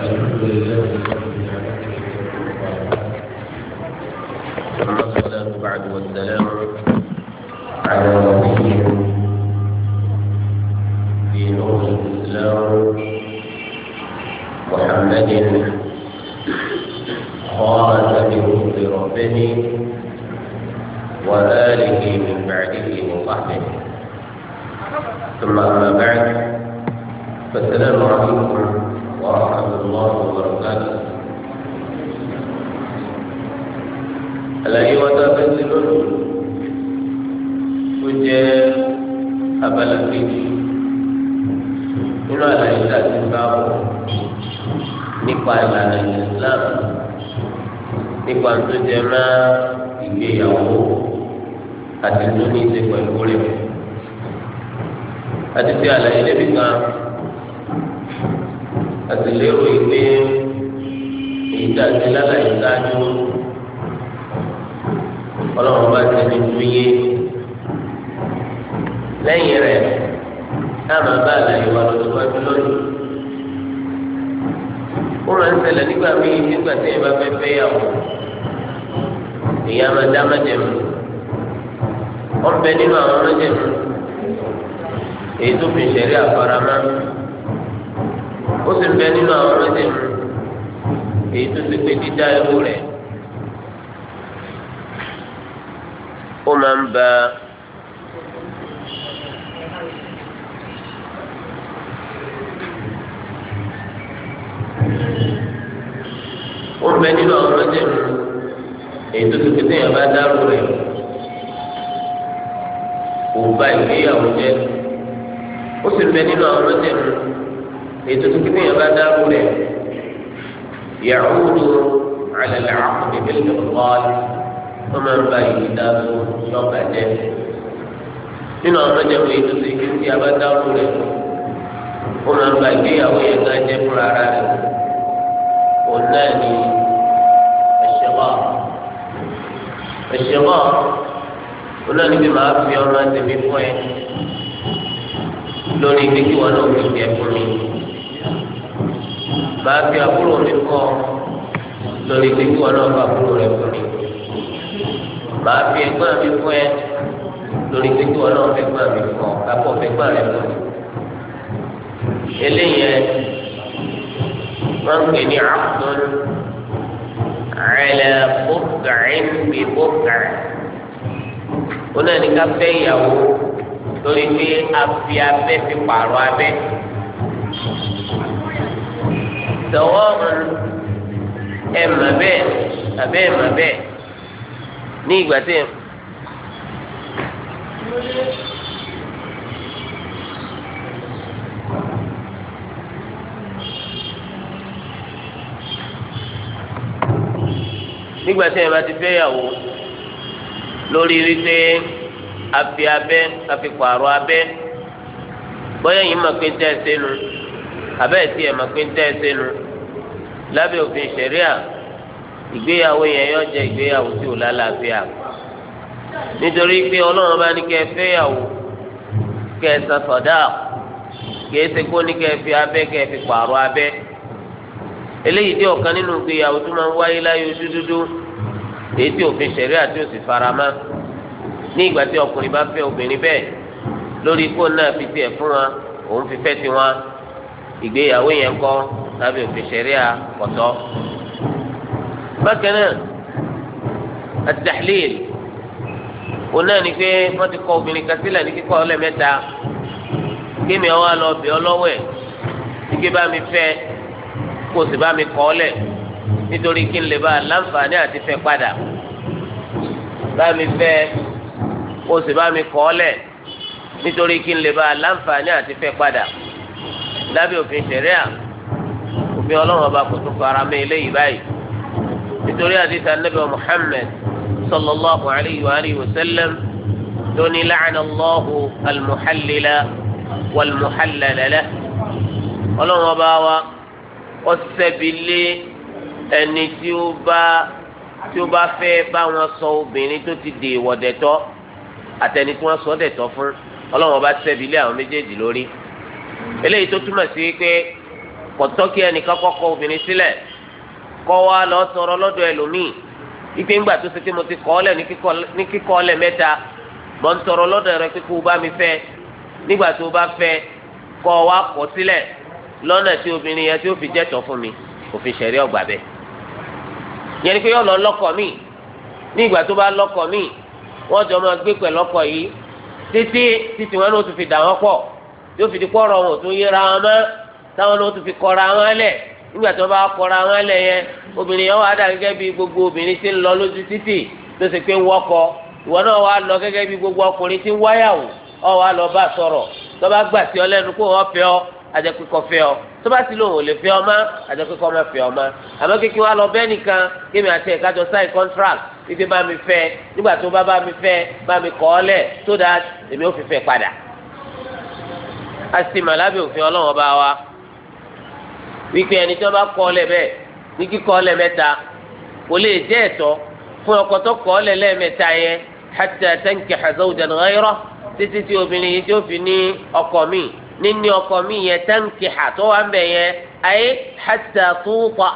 الحمد لله ثم الصلاة بعد والسلام على نبيه في نور الإسلام محمد خاتم بربه وآله من بعده وصحبه ثم أما بعد فالسلام عليكم ورحمة الله وبركاته àlàyé wa tá a fẹ́ ṣe lónìí ó jẹ́ abala kejì nínú àlàyé tá a ti bá wọ̀ nípa ìlànà Islam nípa tó jẹ́ máa ìgbéyàwó àti tó ní í ṣe pẹ̀lú rẹ̀ àti ti àti lérò ìpè ìdájí lálàyé dájú ọlọ́run bá ti di dúyé lẹ́yìn rẹ̀ táwọn bá àlàyé wa lọ síwájú lónìí. ó rẹ̀ ń ṣẹlẹ̀ nígbà míì nígbà tí ẹ bá fẹ́ fẹ́ yà wò ìyá máa dá májẹ̀mú ọ̀bẹ nínú àwọn májẹ̀mú èyí tó fi ṣẹ̀rí àfaramá ó sì ń bẹ nínú àwọn ọlọ́dẹ mu èyí tó ti pé dídá irú rẹ̀ ó máa ń ba ó ń bẹ nínú àwọn ọlọ́dẹ èyí tó ti pé téèyàn bá dárú rẹ̀ kò ba ìgbéyàwó jẹ́ ó sì ń bẹ nínú àwọn ọlọ́dẹ ètò tó kí nìyẹn bá dárú rẹ̀ yàhùdù àlàlà àkùnbí bẹ́ẹ̀ lọ́ọ̀lì wọ́n máa ń ba ìlú dárú lọ́ọ̀bà jẹ́ nínú àwọn ọmọdéwò ètò tó kí nìyẹn bá dárú rẹ̀ wọ́n máa ń ba ìgbéyàwó yẹn gán jẹ́ fúnra rẹ̀ òun náà ni ẹ̀ṣẹ̀wọ́ ẹ̀ṣẹ̀wọ́ olórí bí màá fi ọmọ tèmi fún ẹ lórí pé kí wọn náà fi fún mi bàá fi àbúrò mi kọ́ lórí pé kí wọn náà fa àbúrò rẹ fún mi bàá fi ẹ̀gbọ́n mi fún ẹ lórí pé kí wọn náà fẹ́ gbọ́n mi fún ọ kápọ̀ fẹ́ gbọ́n rẹ fún mi eléyìí ẹ wọn ń pè ní àkùn àìlẹ bókàrín bí bókàrín ó náà ní ká fẹ́ ìyàwó lórí pé a fi abẹ́ fi pààrọ̀ abẹ́ sọ̀wọ́n ẹ̀ mà bẹ́ẹ̀ àbẹ́ ẹ̀ mà bẹ́ẹ̀ ní ìgbà tí nígbà tí ẹ bá ti fẹ́yàwó lórí wípé afi abẹ́ afi pààrọ̀ abẹ́ bóyá yìí mà pé tẹ́ ẹ sẹ́nu abẹ́ tí ẹ̀ mọ̀ pé ń tẹ́ ẹ sínú lábẹ́ òfin ṣẹ̀ríà ìgbéyàwó yẹn yọ jẹ́ ìgbéyàwó tí ò lálàáfíà nítorí pé ọlọ́run bá ní kẹ́ ẹ fẹ́yàwó kẹ́ ẹ san sọ̀dá kẹ́ ẹ ṣe kó ní kẹ́ ẹ fi abẹ́ kẹ́ ẹ fi pààrọ̀ abẹ́ eléyìí dé ọ̀kan nínú ìgbéyàwó tó máa ń wáyé láyé oṣù dúdú èyí tí òfin ṣẹ̀ríà tí ò sì faramá ní ìgbà tí ọkùnrin bá fẹ́ obìnrin bẹ́ẹ̀ lórí kó náà fi tiẹ̀ fún wa òun fi fẹ́ tiwọn ìgbéyàwó yẹn kọ́ lábẹ́ òfin ṣẹ̀ríà kọ̀tọ́. bákan náà àtàlíl òun náà ni pé wọ́n ti kọ obìnrin kan sílẹ̀ ní kíkọ́ ọlẹ́mẹ́ta kémi ọwọ́ àlọ́ ọbẹ̀ ọlọ́wọ́ ẹ̀ ike bá mi fẹ́ kó o sì bá mi kọ́ ọ lẹ̀ nítorí kí n lè bá láǹfààní àti fẹ́ padà bá mi fẹ́ kó o sì bá mi kọ́ ọ lẹ̀ nítorí kí n lè bá láǹfààní àti fẹ́ padà lábẹ́ òfin ṣẹ̀ríà òfin ọlọ́run ọba kò tún fara mọ́ eléyìí báyìí nítorí àdìsí anábẹ́ Muhammad sallallahu alayhi wa alihi wa sallam tóní la'ana Allahu al-muhallila wal-muhallala lah ọlọ́run ọba wa ó sẹ́bilé ẹni tí ó bá tí ó bá fẹ́ bá wọn sọ obìnrin tó ti dè wọ̀dẹ̀tọ́ àtẹni tí wọ́n sọ fún ọlọ́run ọba sẹ́bilé àwọn méjèèjì lórí eléyìí tó túmọ̀ sí pé kọ̀tọ́ kí ẹnìkan kọ́kọ́ obìnrin sílẹ̀ kọ́ wa lọ tọrọ lọ́dọ̀ ẹlòmíì ipe ńgbà tó ṣe pé mo ti kọ́ ọ́lẹ̀ ní kíkọ́ ọ́lẹ̀ mẹ́ta mọ̀ ń tọrọ lọ́dọ̀ rẹ pé kó bá mi fẹ́ nígbà tó o bá fẹ́ kọ́ wa kọ́ sílẹ̀ lọ́nà tí obìnrin yẹn tí ó fi jẹ́tọ̀ fún mi òfin ṣẹ̀rí ọgbà bẹ́ẹ̀ yẹn ni pé yọ̀ lọ lọ́kọ mi ní ìgbà tó bá lọ́kọ mi wọ́n jọ máa gbé pẹ̀lọ́kọ yìí títí títí wọn ló ti fi dà wọ́n pọ̀ yóò fi di kọ́rọ̀ wọn tún yẹra wọn mọ́ táwọn ló tún fi kọ́ra wọn lẹ̀ nígbà tí wọ́n bá kọ́ra wọn lẹ̀ yẹn obìnrin yẹn wà dà gẹ́gẹ́ bí gbogbo obìnrin ti ń lọ lójú títì tó sì pé wọ́kọ ìwọ náà wà lọ gẹ́gẹ́ bí gbogbo ọkùnrin ti ń wáyàwó ọ wà lọ bá sọ̀rọ̀ tó bá gbà sí ọ lẹ́nu kó wọ́n fẹ́ ọ àjẹpẹ́kọ̀ fẹ́ ọ tó bá ti lòun ò lè fẹ́ ọ má àjẹpẹ́kọ̀ má fẹ́ ọ má àmọ́ kékeré wa lọ bẹ́ẹ̀ nìkan kémi àti ẹ̀ka sign contract ibi bá mi fẹ́ nígbà tó bá bá mi fẹ́ bá mi kọ́ ọ lẹ̀ so that èmi ò fi fẹ́ padà asima lábẹ́ òfin Ọlọ́run bá wa wípé ẹni tí wọ́n bá kọ ọlẹ bẹ́ẹ̀ ní kíkọ ọlẹ mẹ́ta kò lè jẹ́ ẹ̀tọ́ fún ọkọ tó kọ ọlẹ lẹ́ẹ̀mẹ́ta yẹn hatta tankiha zawjan ghayra títí tí obìnrin yìí tí ó fi ní ọkọ mi níní ọkọ mi yẹn tankiha tó wà ń bẹ yẹn ayé hatta tuta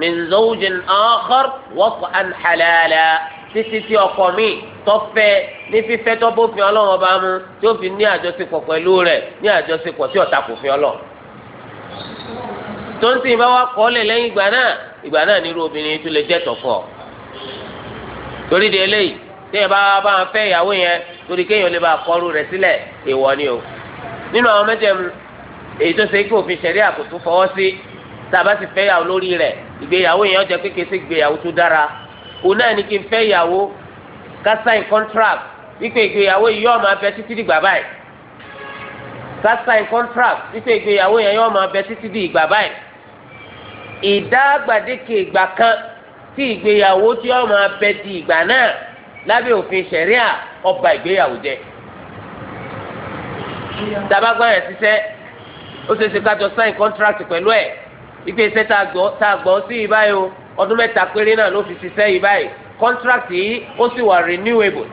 min zawjin akhar wat'an halala títí tí ọkọ mi tọ́fẹ́ ní fífẹ́ tọ́bófin ọlọ́run ọba mu tí ó fi ní àjọṣepọ̀ pẹ̀lú rẹ̀ ní àjọṣepọ̀ tí ọ̀tá kò fi ọlọ́run. tó ń sìn bá wa kọ́lẹ̀ lẹ́yìn ìgbà náà ìgbà náà nírú obìnrin tó lè jẹ́ tọ̀fọ̀. torí de eléyìí téèyàn bá bá wọn fẹ́ ìyàwó yẹn torí kéèyàn lè bá kọ́rù rẹ̀ sílẹ̀ èèwọ̀ ni o. nínú àwọn mẹ́jẹ̀mú èyí tó ṣe kí òfin ṣẹ̀rí àkótó fọwọ́ sí tàbá sì fẹ́ ìyàwó lórí rẹ̀ ìgbéyàwó yẹn ó jẹ́ kékeré sí ìgbéyàwó tó dára òun náà ní kí n fẹ́ ìyàwó ká sign contract wípé ìgbéyàwó yìí yóò máa bẹ títí di ìgbà báyìí ká sign contract wípé ìgbéyàwó yẹn yóò máa bẹ títí di ìgbà báyìí ìdágbàdéke ìgbà kan tí ìgbéyàwó tí yóò máa bẹ di ìgbà náà lábẹ́ òfin ṣẹ̀ríà ọba ìgbéyàwó jẹ́ dabagbọn yẹn ṣiṣẹ́ ó ṣe ṣe kájọ sign contract pẹ̀lú ẹ̀ ìgbésẹ̀ tá a gbọ́ sí yìí báyìí o ọdún mẹ́ta péré náà ló fi ṣiṣẹ́ yìí báyìí contract yìí ó sì wà renewable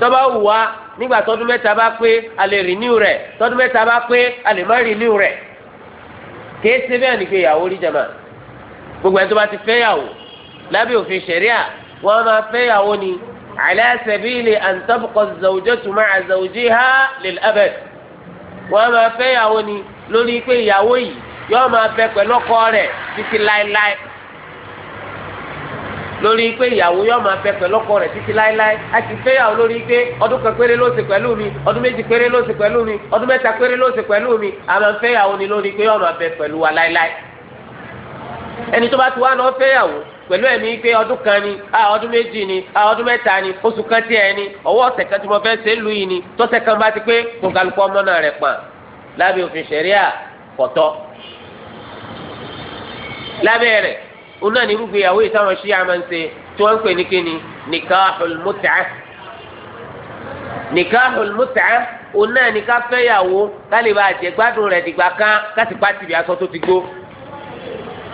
tó bá wù wá nígbà tọdún mẹ́ta bá pé a lè renew rẹ̀ tọdún mẹ́ta bá pé a lè má renew rẹ̀ kìí ṣe bẹ́ẹ̀ ni pé ìyàwó rí jama gbogbo ẹni tó bá ti fẹ́ yàwó lábẹ́ òfin ṣẹ̀ríà wọ́n máa fẹ́ yàwó ni ala sabili an tabqa zawjatu ma'a zawjiha lil abad wọ́n máa fẹ́ yàwó ni lórí pé ìyàwó yìí yóò máa bẹ pẹ̀lú ọkọ rẹ̀ títí láéláé lórí pé ìyàwó yóò máa fẹ́ pẹ̀lú ọkọ rẹ̀ títí láéláé a kì í fẹ́yàwó lórí pé ọdún kan péré ló ṣe pẹ̀lú mi ọdún méjì péré ló ṣe pẹ̀lú mi ọdún mẹ́ta péré ló ṣe pẹ̀lú mi a máa fẹ́yàwó ni lórí pé yóò máa fẹ́ pẹ̀lú wa láéláé ẹni tó bá ti wá lọ fẹ́yàwó pẹ̀lú ẹ̀mí pé ọdún kan ni ọdún méjì ni ọdún mẹ́ta ni oṣù kan tiẹ̀ ni ọwọ́ ọ̀sẹ̀ kan tí mo fẹ́ ṣe lù yìí ni tọ́sẹ̀ kan bá ti pé kò kálukọ́ ọmọ náà rẹ̀ pọ̀n lábẹ́ òfin ṣẹ̀ríà kọ̀tọ́ lábẹ́ rẹ̀ òun náà ní irúgbìn ìyàwó yìí táwọn ṣíyà máa ń ṣe tí wọ́n ń pè ní kíni nikahul mut'ah nikahul mut'ah òun náà ní ká fẹ́yàwó ká lè bá jẹ gbádùn rẹ̀ dìgbà kan ká sì pàtì bí aṣọ tó ti gbó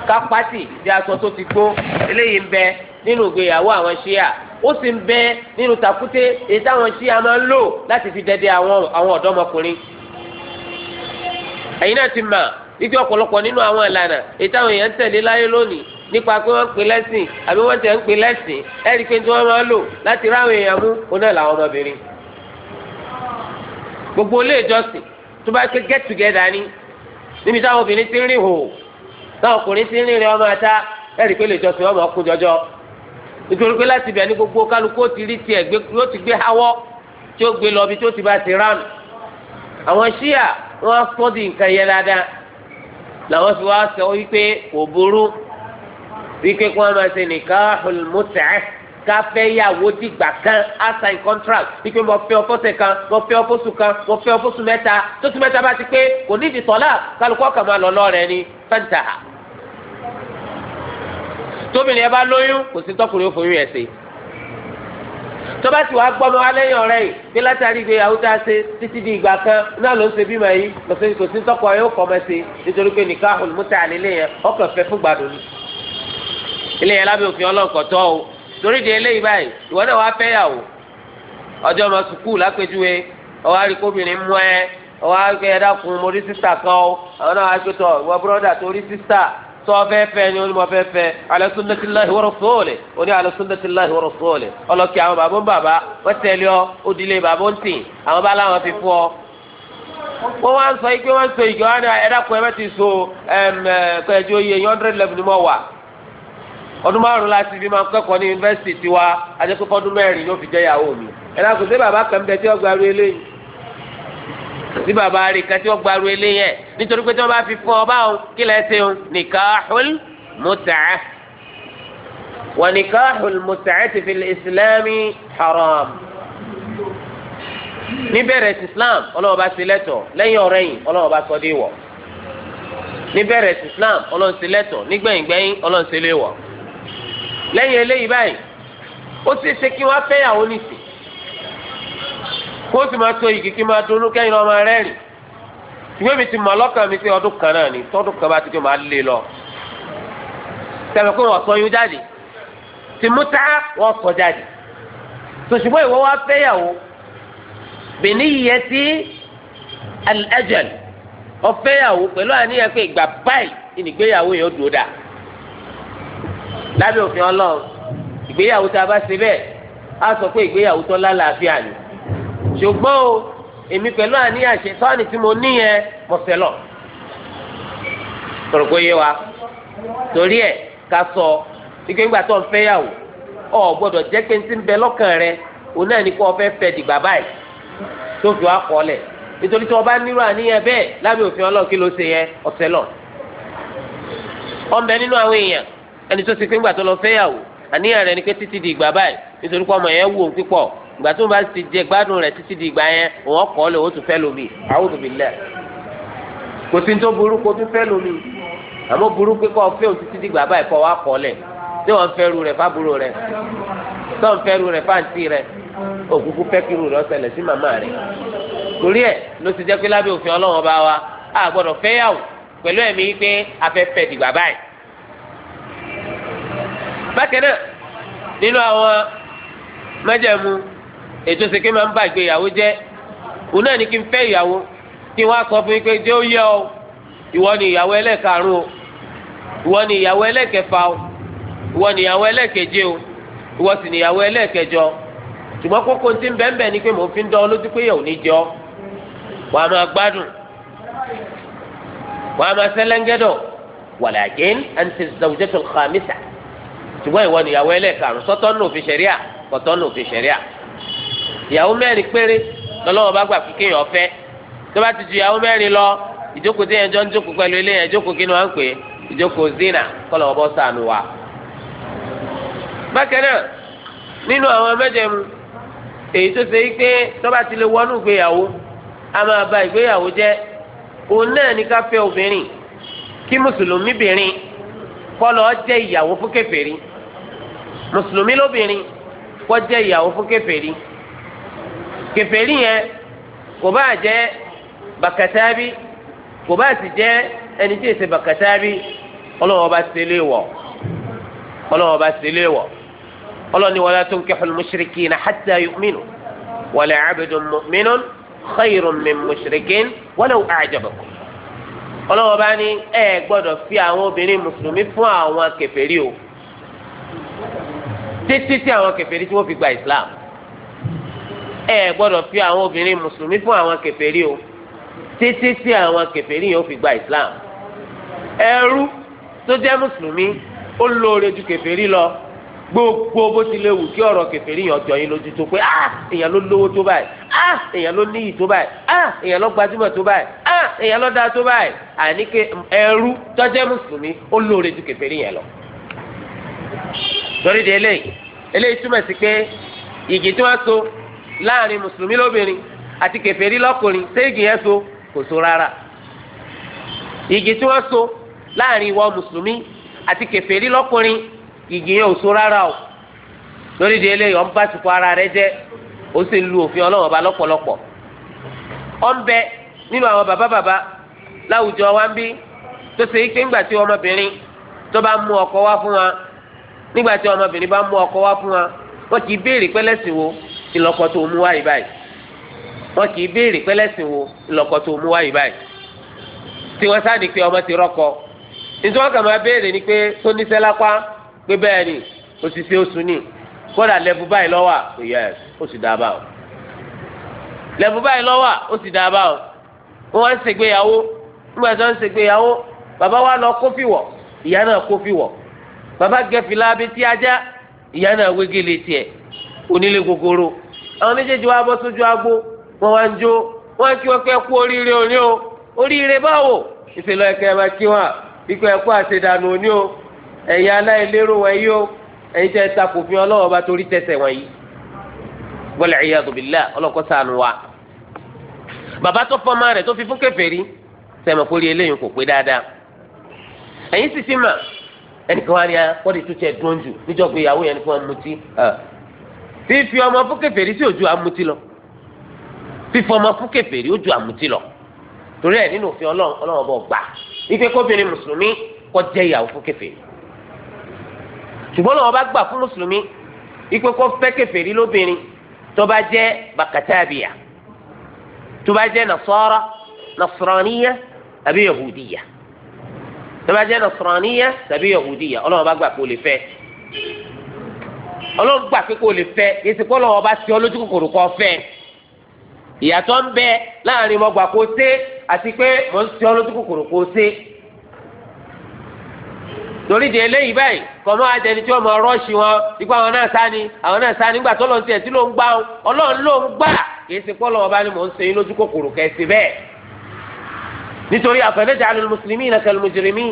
ká pàtì bí aṣọ tó ti gbó eléyìí ń bẹ nínú ìgbéyàwó àwọn ṣíyà ó sì ń bẹ nínú tàkúté èyí táwọn ṣíyà máa ń lò láti fi dẹdẹ àwọn ọ̀dọ́mọkùnrin ẹ̀yin náà ti mà ibi ọ̀pọ̀lọpọ̀ nínú àwọn ìlànà èyí táwọn èèyàn ń tẹ̀lé láyé lónìí nípa pé wọ́n ń pè lẹ́sìn àbí wọ́n tẹ̀ ń pè lẹ́sìn ẹ̀rí pé tí wọ́n máa lò láti ráwọn èèyàn mú oná làwọn ọmọbìnrin. gbogbo ilé ìjọsìn tó bá pé get together ni níbi táwọn obìnrin ti ń rìn hò táwọn ọkùnrin ti ń rìn rìn ọmọ ata ẹ̀rí pé ilé ìjọsìn wọn máa kún jọjọ nítorí pé láti bẹ̀ ní gbogbo kálukú ó ti rí tiẹ̀ yóò ti gbé hawọ́ tí ó gbé lọ bí tí ti bá ti ránù àwọn ṣíà wọn sọ́ọ̀dì wíkẹ́ kí wọ́n máa ṣe nikahul mut'ah ká fẹ́ yàwó dìgbà kan á contract wípé mo fẹ́ ọfọ́sẹ̀ kan mo fẹ́ ọfọ́sù kan mo fẹ́ ọfọ́sù mẹ́ta tó tún mẹ́ta bá ti pé kò ní ìdìtọ́lá kálukọ́ kà máa lọ lọ́ọ̀rẹ́ ni fẹ́ǹtà tóbìnrin ẹ bá lóyún kò sí tọkùnrin òfòyún ẹ̀ ṣe tọ́ba sì wá gbọ́mọ alẹ́yìn ọ̀rẹ́ yìí bí látàrí ìgbéyàwó tá a ṣe títí di ìgbà kan náà ló ń ṣe bímọ yìí lọ́sẹ̀ kò sí tọkọ yóò kọ́ mọ́ ṣe nítorí pé nìkan àhùn mútà àlélẹ́ yẹn ọkàn fẹ́ fún gbàdúrà ilé yẹn lábẹ́ òfin ọlọ́kọ̀tọ́ o torí di eléyìí báyìí ìwọ náà wàá fẹ́ yàwó ọjọ́ ọmọ sùkúù lápẹ́júwe ọwọ́ àríkóbìnrin mú ẹ ọwọ́ àríkó ẹ̀dá kun mo rí sísà kan o àwọn náà wàá ké tọ ìwọ búrọ́dà tó rí sísà tó ọfẹ́ fẹ́ ni onímọ̀ fẹ́ fẹ́ ala sunnatillahi wa rasulihi oní ala sunnatillahi wa rasulihi ọlọ́kì àwọn bàbá ń bàbá wọ́n tẹ̀lé ọ òdìlé bàbá ń tì àwọn bá láwọn fi fún ọ wọ́n wá ń sọ yìí pé wọ́n ń sọ ìgbà wọn ẹ̀dá kun ẹ̀ mẹ́tì so ẹ̀ẹ́dẹ́gbẹ̀jọ yẹ yọ̀ndrẹ́dẹ́lẹ́bù ni mo wà ọdún márùn láti fi máa kẹ́kọ̀ọ́ ní yunifásitì tiwa adékòkò ọdún mẹ́rin ló fi jẹ́ ìyàwó mi ẹ̀rọ kò sí bàbá kan bẹ tí wọ́n gbaru eléyìí sí bàbá rẹ̀ kan tí wọ́n gbaru eléyìí ẹ̀ nítorí pé tí wọ́n bá fi fún ọ báwọn kí lẹ́ ṣe nìkàáhùl mùtàá wà nìkàáhùl mùtàá ti fi ìsìlámì haram níbẹ̀rẹ̀ sí islam ọlọ́wọ́ bá ṣe lẹ́tọ̀ lẹ́yìn ọ̀rẹ́yìn ọlọ́wọ́ bá sọ dé wọ̀ níbẹ̀rẹ̀ sí islam ọlọ́wọ́ ṣe lẹ́tọ̀ nígbẹ̀yìngbẹ̀yìn ọlọ́wọ́ ṣe lé wọ̀ lẹ́yìn eléyìí báyìí ó sì ṣe kí wọ́n fẹ́yàwó nìsí kó o sì máa tó igi kí máa dunnú kẹ́yìn ọmọ rẹ̀ rìn ìwé mi ti mọ̀ lọ́kàn mi pé ọdún kan náà ni tọ́dún kan bá ti pé màá lé lọ tẹ̀lé pé wọ́n sọ jáde ti mú sọ jáde tòṣùgbọ́n ìwọ wá fẹ́yàwó bìnní yẹ sí al-ajal ọ̀fẹ́yàwó àníyàn pé ìgbà báyìí ìnìgbéyàwó yẹn ó dúró dáa lábẹ́ òfin ọlọ́run ìgbéyàwó tá a bá ṣe bẹ́ẹ̀ á sọ pé ìgbéyàwó tó lálàáfíà ni ṣùgbọ́n o èmi pẹ̀lú àníyàn ṣe tọ́ni tí mo ní yẹn mọ̀sẹ̀ lọ. tọ̀rọ̀ kó yé wa torí ẹ̀ ká sọ ike ńgbà tó ń fẹ́ yàwó ọ gbọ́dọ̀ jẹ́ pé ti ń bẹ lọ́kàn rẹ òun náà ní kó o fẹ́ fẹ́ dìgbà báyìí tó fi wá kọ́ lẹ̀ nítorí tí wọ́n bá nírú àníyàn bẹ́ẹ̀ lábẹ́ òfin ọlọ́run kí ló ṣe yẹn ọ̀sẹ̀ lọ. ọ̀nbẹ nínú àwọn èèyàn ẹni tó ti pé ńgbà tó lọ fẹ́yàwó àníyàn rẹ̀ ni pé títí di ìgbà báyìí nítorí pé ọmọ yẹn wù ó pípọ̀ ìgbà tó bá ti jẹ gbádùn rẹ̀ títí di ìgbà yẹn òun ọkọ̀ lè o tún fẹ́ lomi a'udhu billah kò sí tó burú kó tún fẹ́ lomi àmọ́ burú pé kọ́ fẹ́ òun títí di ìgbà báyìí kọ́ wa kọ́ lẹ̀ tí wọ́n fẹ́ ru rẹ̀ fábúrò rẹ̀ tí wọ́n fẹ́ ru rẹ̀ fáǹtì rẹ̀ òkùnkù fẹ́ kí ru rẹ̀ ọ̀sẹ̀lẹ̀ sí màmá rẹ̀ torí ẹ̀ ló ti jẹ́ pé lábẹ́ òfin Ọlọ́run bá wa a gbọ́dọ̀ fẹ́yàwó pẹ̀lú ẹ̀mí pé afẹ́fẹ́ dìgbà báyìí bákan náà nínú àwọn májẹ̀mú ètò ìsìnkú máa ń bá ìgbéyàwó jẹ́ òun náà ní kí n fẹ́ ìyàwó kí wọ́n á sọ fún mi pé jẹ́ ó yẹ ọ ìwọ ni ìyàwó ún o ìwọ ni ìyàwó ẹlẹ́ẹ̀kẹfà o ìwọ ni ìyàwó o ìwọ sì ni ìyàwó ẹlẹ́ẹ̀kẹjọ ṣùgbọ́n kókó ń bẹ́ẹ̀ ni pé mò ń fi pé yẹ̀ ò ní jọ ṣùgbọ́n ìwọ nìyàwó ẹlẹ́karùn sọ́tọ́ nù fi ṣẹ̀ríà kọ́tọ́ nù fi ṣẹ̀ríà ìyàwó mẹ́rin péré lọ́lọ́wọ́ bá gbà kéèyàn ọ̀fẹ́ tó bá ti ju ìyàwó mẹ́rin lọ ìjókòó tí yẹn jọ ń jókòó pẹ̀lú ilé yẹn ìjókòó kí ni wọ́n ń pè é ìjókòó zina sànù wa. bákan náà nínú àwọn èyí tó ṣe pé tó bá ti lè wọnú ìgbéyàwó mùsùlùmí lóbìnrin kó jẹ́ ìyàwó fún kèfèrí kèfèrí yẹn kò bá jẹ́ bàkàtàbí kò bá sì jẹ́ ẹni tí èsè bàkàtàbí ọlọ́wọ́ bá ṣe lé wọ̀ ọlọ́wọ́ bá ṣe lé wọ̀ ọlọ́ni wala tunkihul mushrikina hatta yu'minu wala 'abdun mu'minun khayrun min mushrikin walau a'jabakum ọlọ́wọ́ bá ní ẹ gbọ́dọ̀ fi àwọn obìnrin mùsùlùmí fún àwọn kèfèrí o títí tí àwọn kèfèrí tí wọ́n fi gba islam ẹ gbọ́dọ̀ fi àwọn obìnrin mùsùlùmí fún àwọn kèfèrí o títí tí àwọn kèfèrí yẹn ó fi gba islam ẹrú tó jẹ́ mùsùlùmí ó lóore ju kèfèrí lọ gbogbo bó ti lè wù kí ọ̀rọ̀ kèfèrí yẹn ọjọ́ yín lójú tó pé ah èèyàn ló lówó tó báyìí ah èèyàn ló níyì tó báyìí ah èèyàn ló gbajúmọ̀ tó báyìí ah èèyàn ló dáa tó báyìí àní ẹrú tó jẹ́ mùsùlùmí ó lóore ju kèfèrí yẹn lọ. torí di eléyìí eléyìí túmọ̀ sí pé ìgì tí wọ́n so láàrin mùsùlùmí lóbìnrin àti kèfèrí lọ́kùnrin ṣé ìgì yẹn so kò so rárá ìgì tí wọ́n so láàrin ìwọ mùsùlùmí àti kèfèrí lọ́kùnrin ìgì yẹn ò so rárá o torí di eléyìí bá ara rẹ jẹ́ ó sì lu òfin ba lọ́pọ̀lọpọ̀ bẹ nínú àwọn bàbá bàbá láwùjọ wa ń bí tó ṣe é nígbà tí ọmọbìnrin bá mú ọkọ wá fún wa wọn kì í béèrè pẹlẹsìn wo ìlọkọ tó mú wá yìí báyìí wọn kì í béèrè pẹlẹsìn wo ìlọkọ tó mú wá yìí báyìí tí wọn sáà ní pé ọmọ ti rọkọ nítorí wọn kàn máa béèrè ni pé tó níṣẹ́ lápá pé bẹ́ẹ̀ ni òṣìṣẹ́ oṣù ni kódà lẹ́bù báyìí lọ́wọ́ ìyá ẹ̀ ó sì dáa báwọn lẹ́bù báyìí lọ́wọ́ ó sì dáa báwọn wọn wá ń ṣègbéyàwó nígbà tí ń ṣègbéyàwó bàbá wa lọ kófìwọ̀ ìyá náà kófìwọ̀ bàbá gẹ̀fìlà abẹ́tí ajá ìyá náà wégele tiẹ̀ onílé gogoro àwọn méjèèjì wa bọ́ sójú agbó wọn wá ń jó wọn kí wọn kẹ́ kú oríire òní o oríire báwo ìṣèlú ẹ̀kẹ́ máa kí wọn ikú ẹ̀kú àṣedànù òní o ẹ̀yin aláìlérò wọ̀nyí o ẹ̀yin tẹ́ ta kò fi ọlọ́wọ́ bá torí tẹ̀sẹ̀ wọ̀nyí wọlé ẹ̀yà tòbílà ọlọ́kọ́ sànù wa bàbá tó fọmọ rẹ̀ tó fi fún kèfèrí sẹ̀mọ̀ kórìí eléyìí kò pé dáadáa ẹ̀yin sì sí mà ẹnìkan wá ní akọ́dé ah, tó tiẹ̀ dùn jù níjọ́ pé ìyàwó yẹn ni fún amutí fífi ah. ọmọ fún kèfèrí sí ojú amutí lọ fífi ọmọ fún kèfèrí ojú amutí lọ torí ẹ nínú òfin Ọlọ́run Ọlọ́run bọ gbà ife kóbìnrin mùsùlùmí kó jẹ́ ìyàwó fún kèfèrí ṣùgbọ́n lọ́wọ́ bá gbà fún mùsùlùmí ipe kó fẹ́ kèfèrí lóbìnrin tó bá jẹ́ bàkàtàbíà tó bá jẹ́ nasara nasraniya àbí yahudiya tọ́ba jẹ́ nọ̀sọ̀rọ̀níyà tàbí yọ̀hùdíyà ọlọ́run bá gbà pé o lè fẹ́ ọlọ́run gbà pé kó o lè fẹ́ èsì pé ọlọ́run ọba sí ọ lójú kòkòrò kọ́ fẹ́ ìyàtọ̀ ń bẹ láàrin mo gbà kó o sé àti pé mo ń sí ọ lójú kòkòrò kó o sé torí di eléyìí báyìí kọ̀mọ́ àjẹni tí wọ́n mọ rọ́ọ̀ṣì wọn ipá wọn náà sáni àwọn náà sáni nígbà tó lọ́n tiẹ̀ tí ló ń gbà ọlọ́run ló ń gbà èsì pé ọlọ́run ọba ni mò ń sẹ́yìn lójú kòkòrò kẹ́sì bẹ́ẹ̀ nítorí àfẹnẹjà àlùl mùsùlùmí náà kẹlẹ mùjìrìmí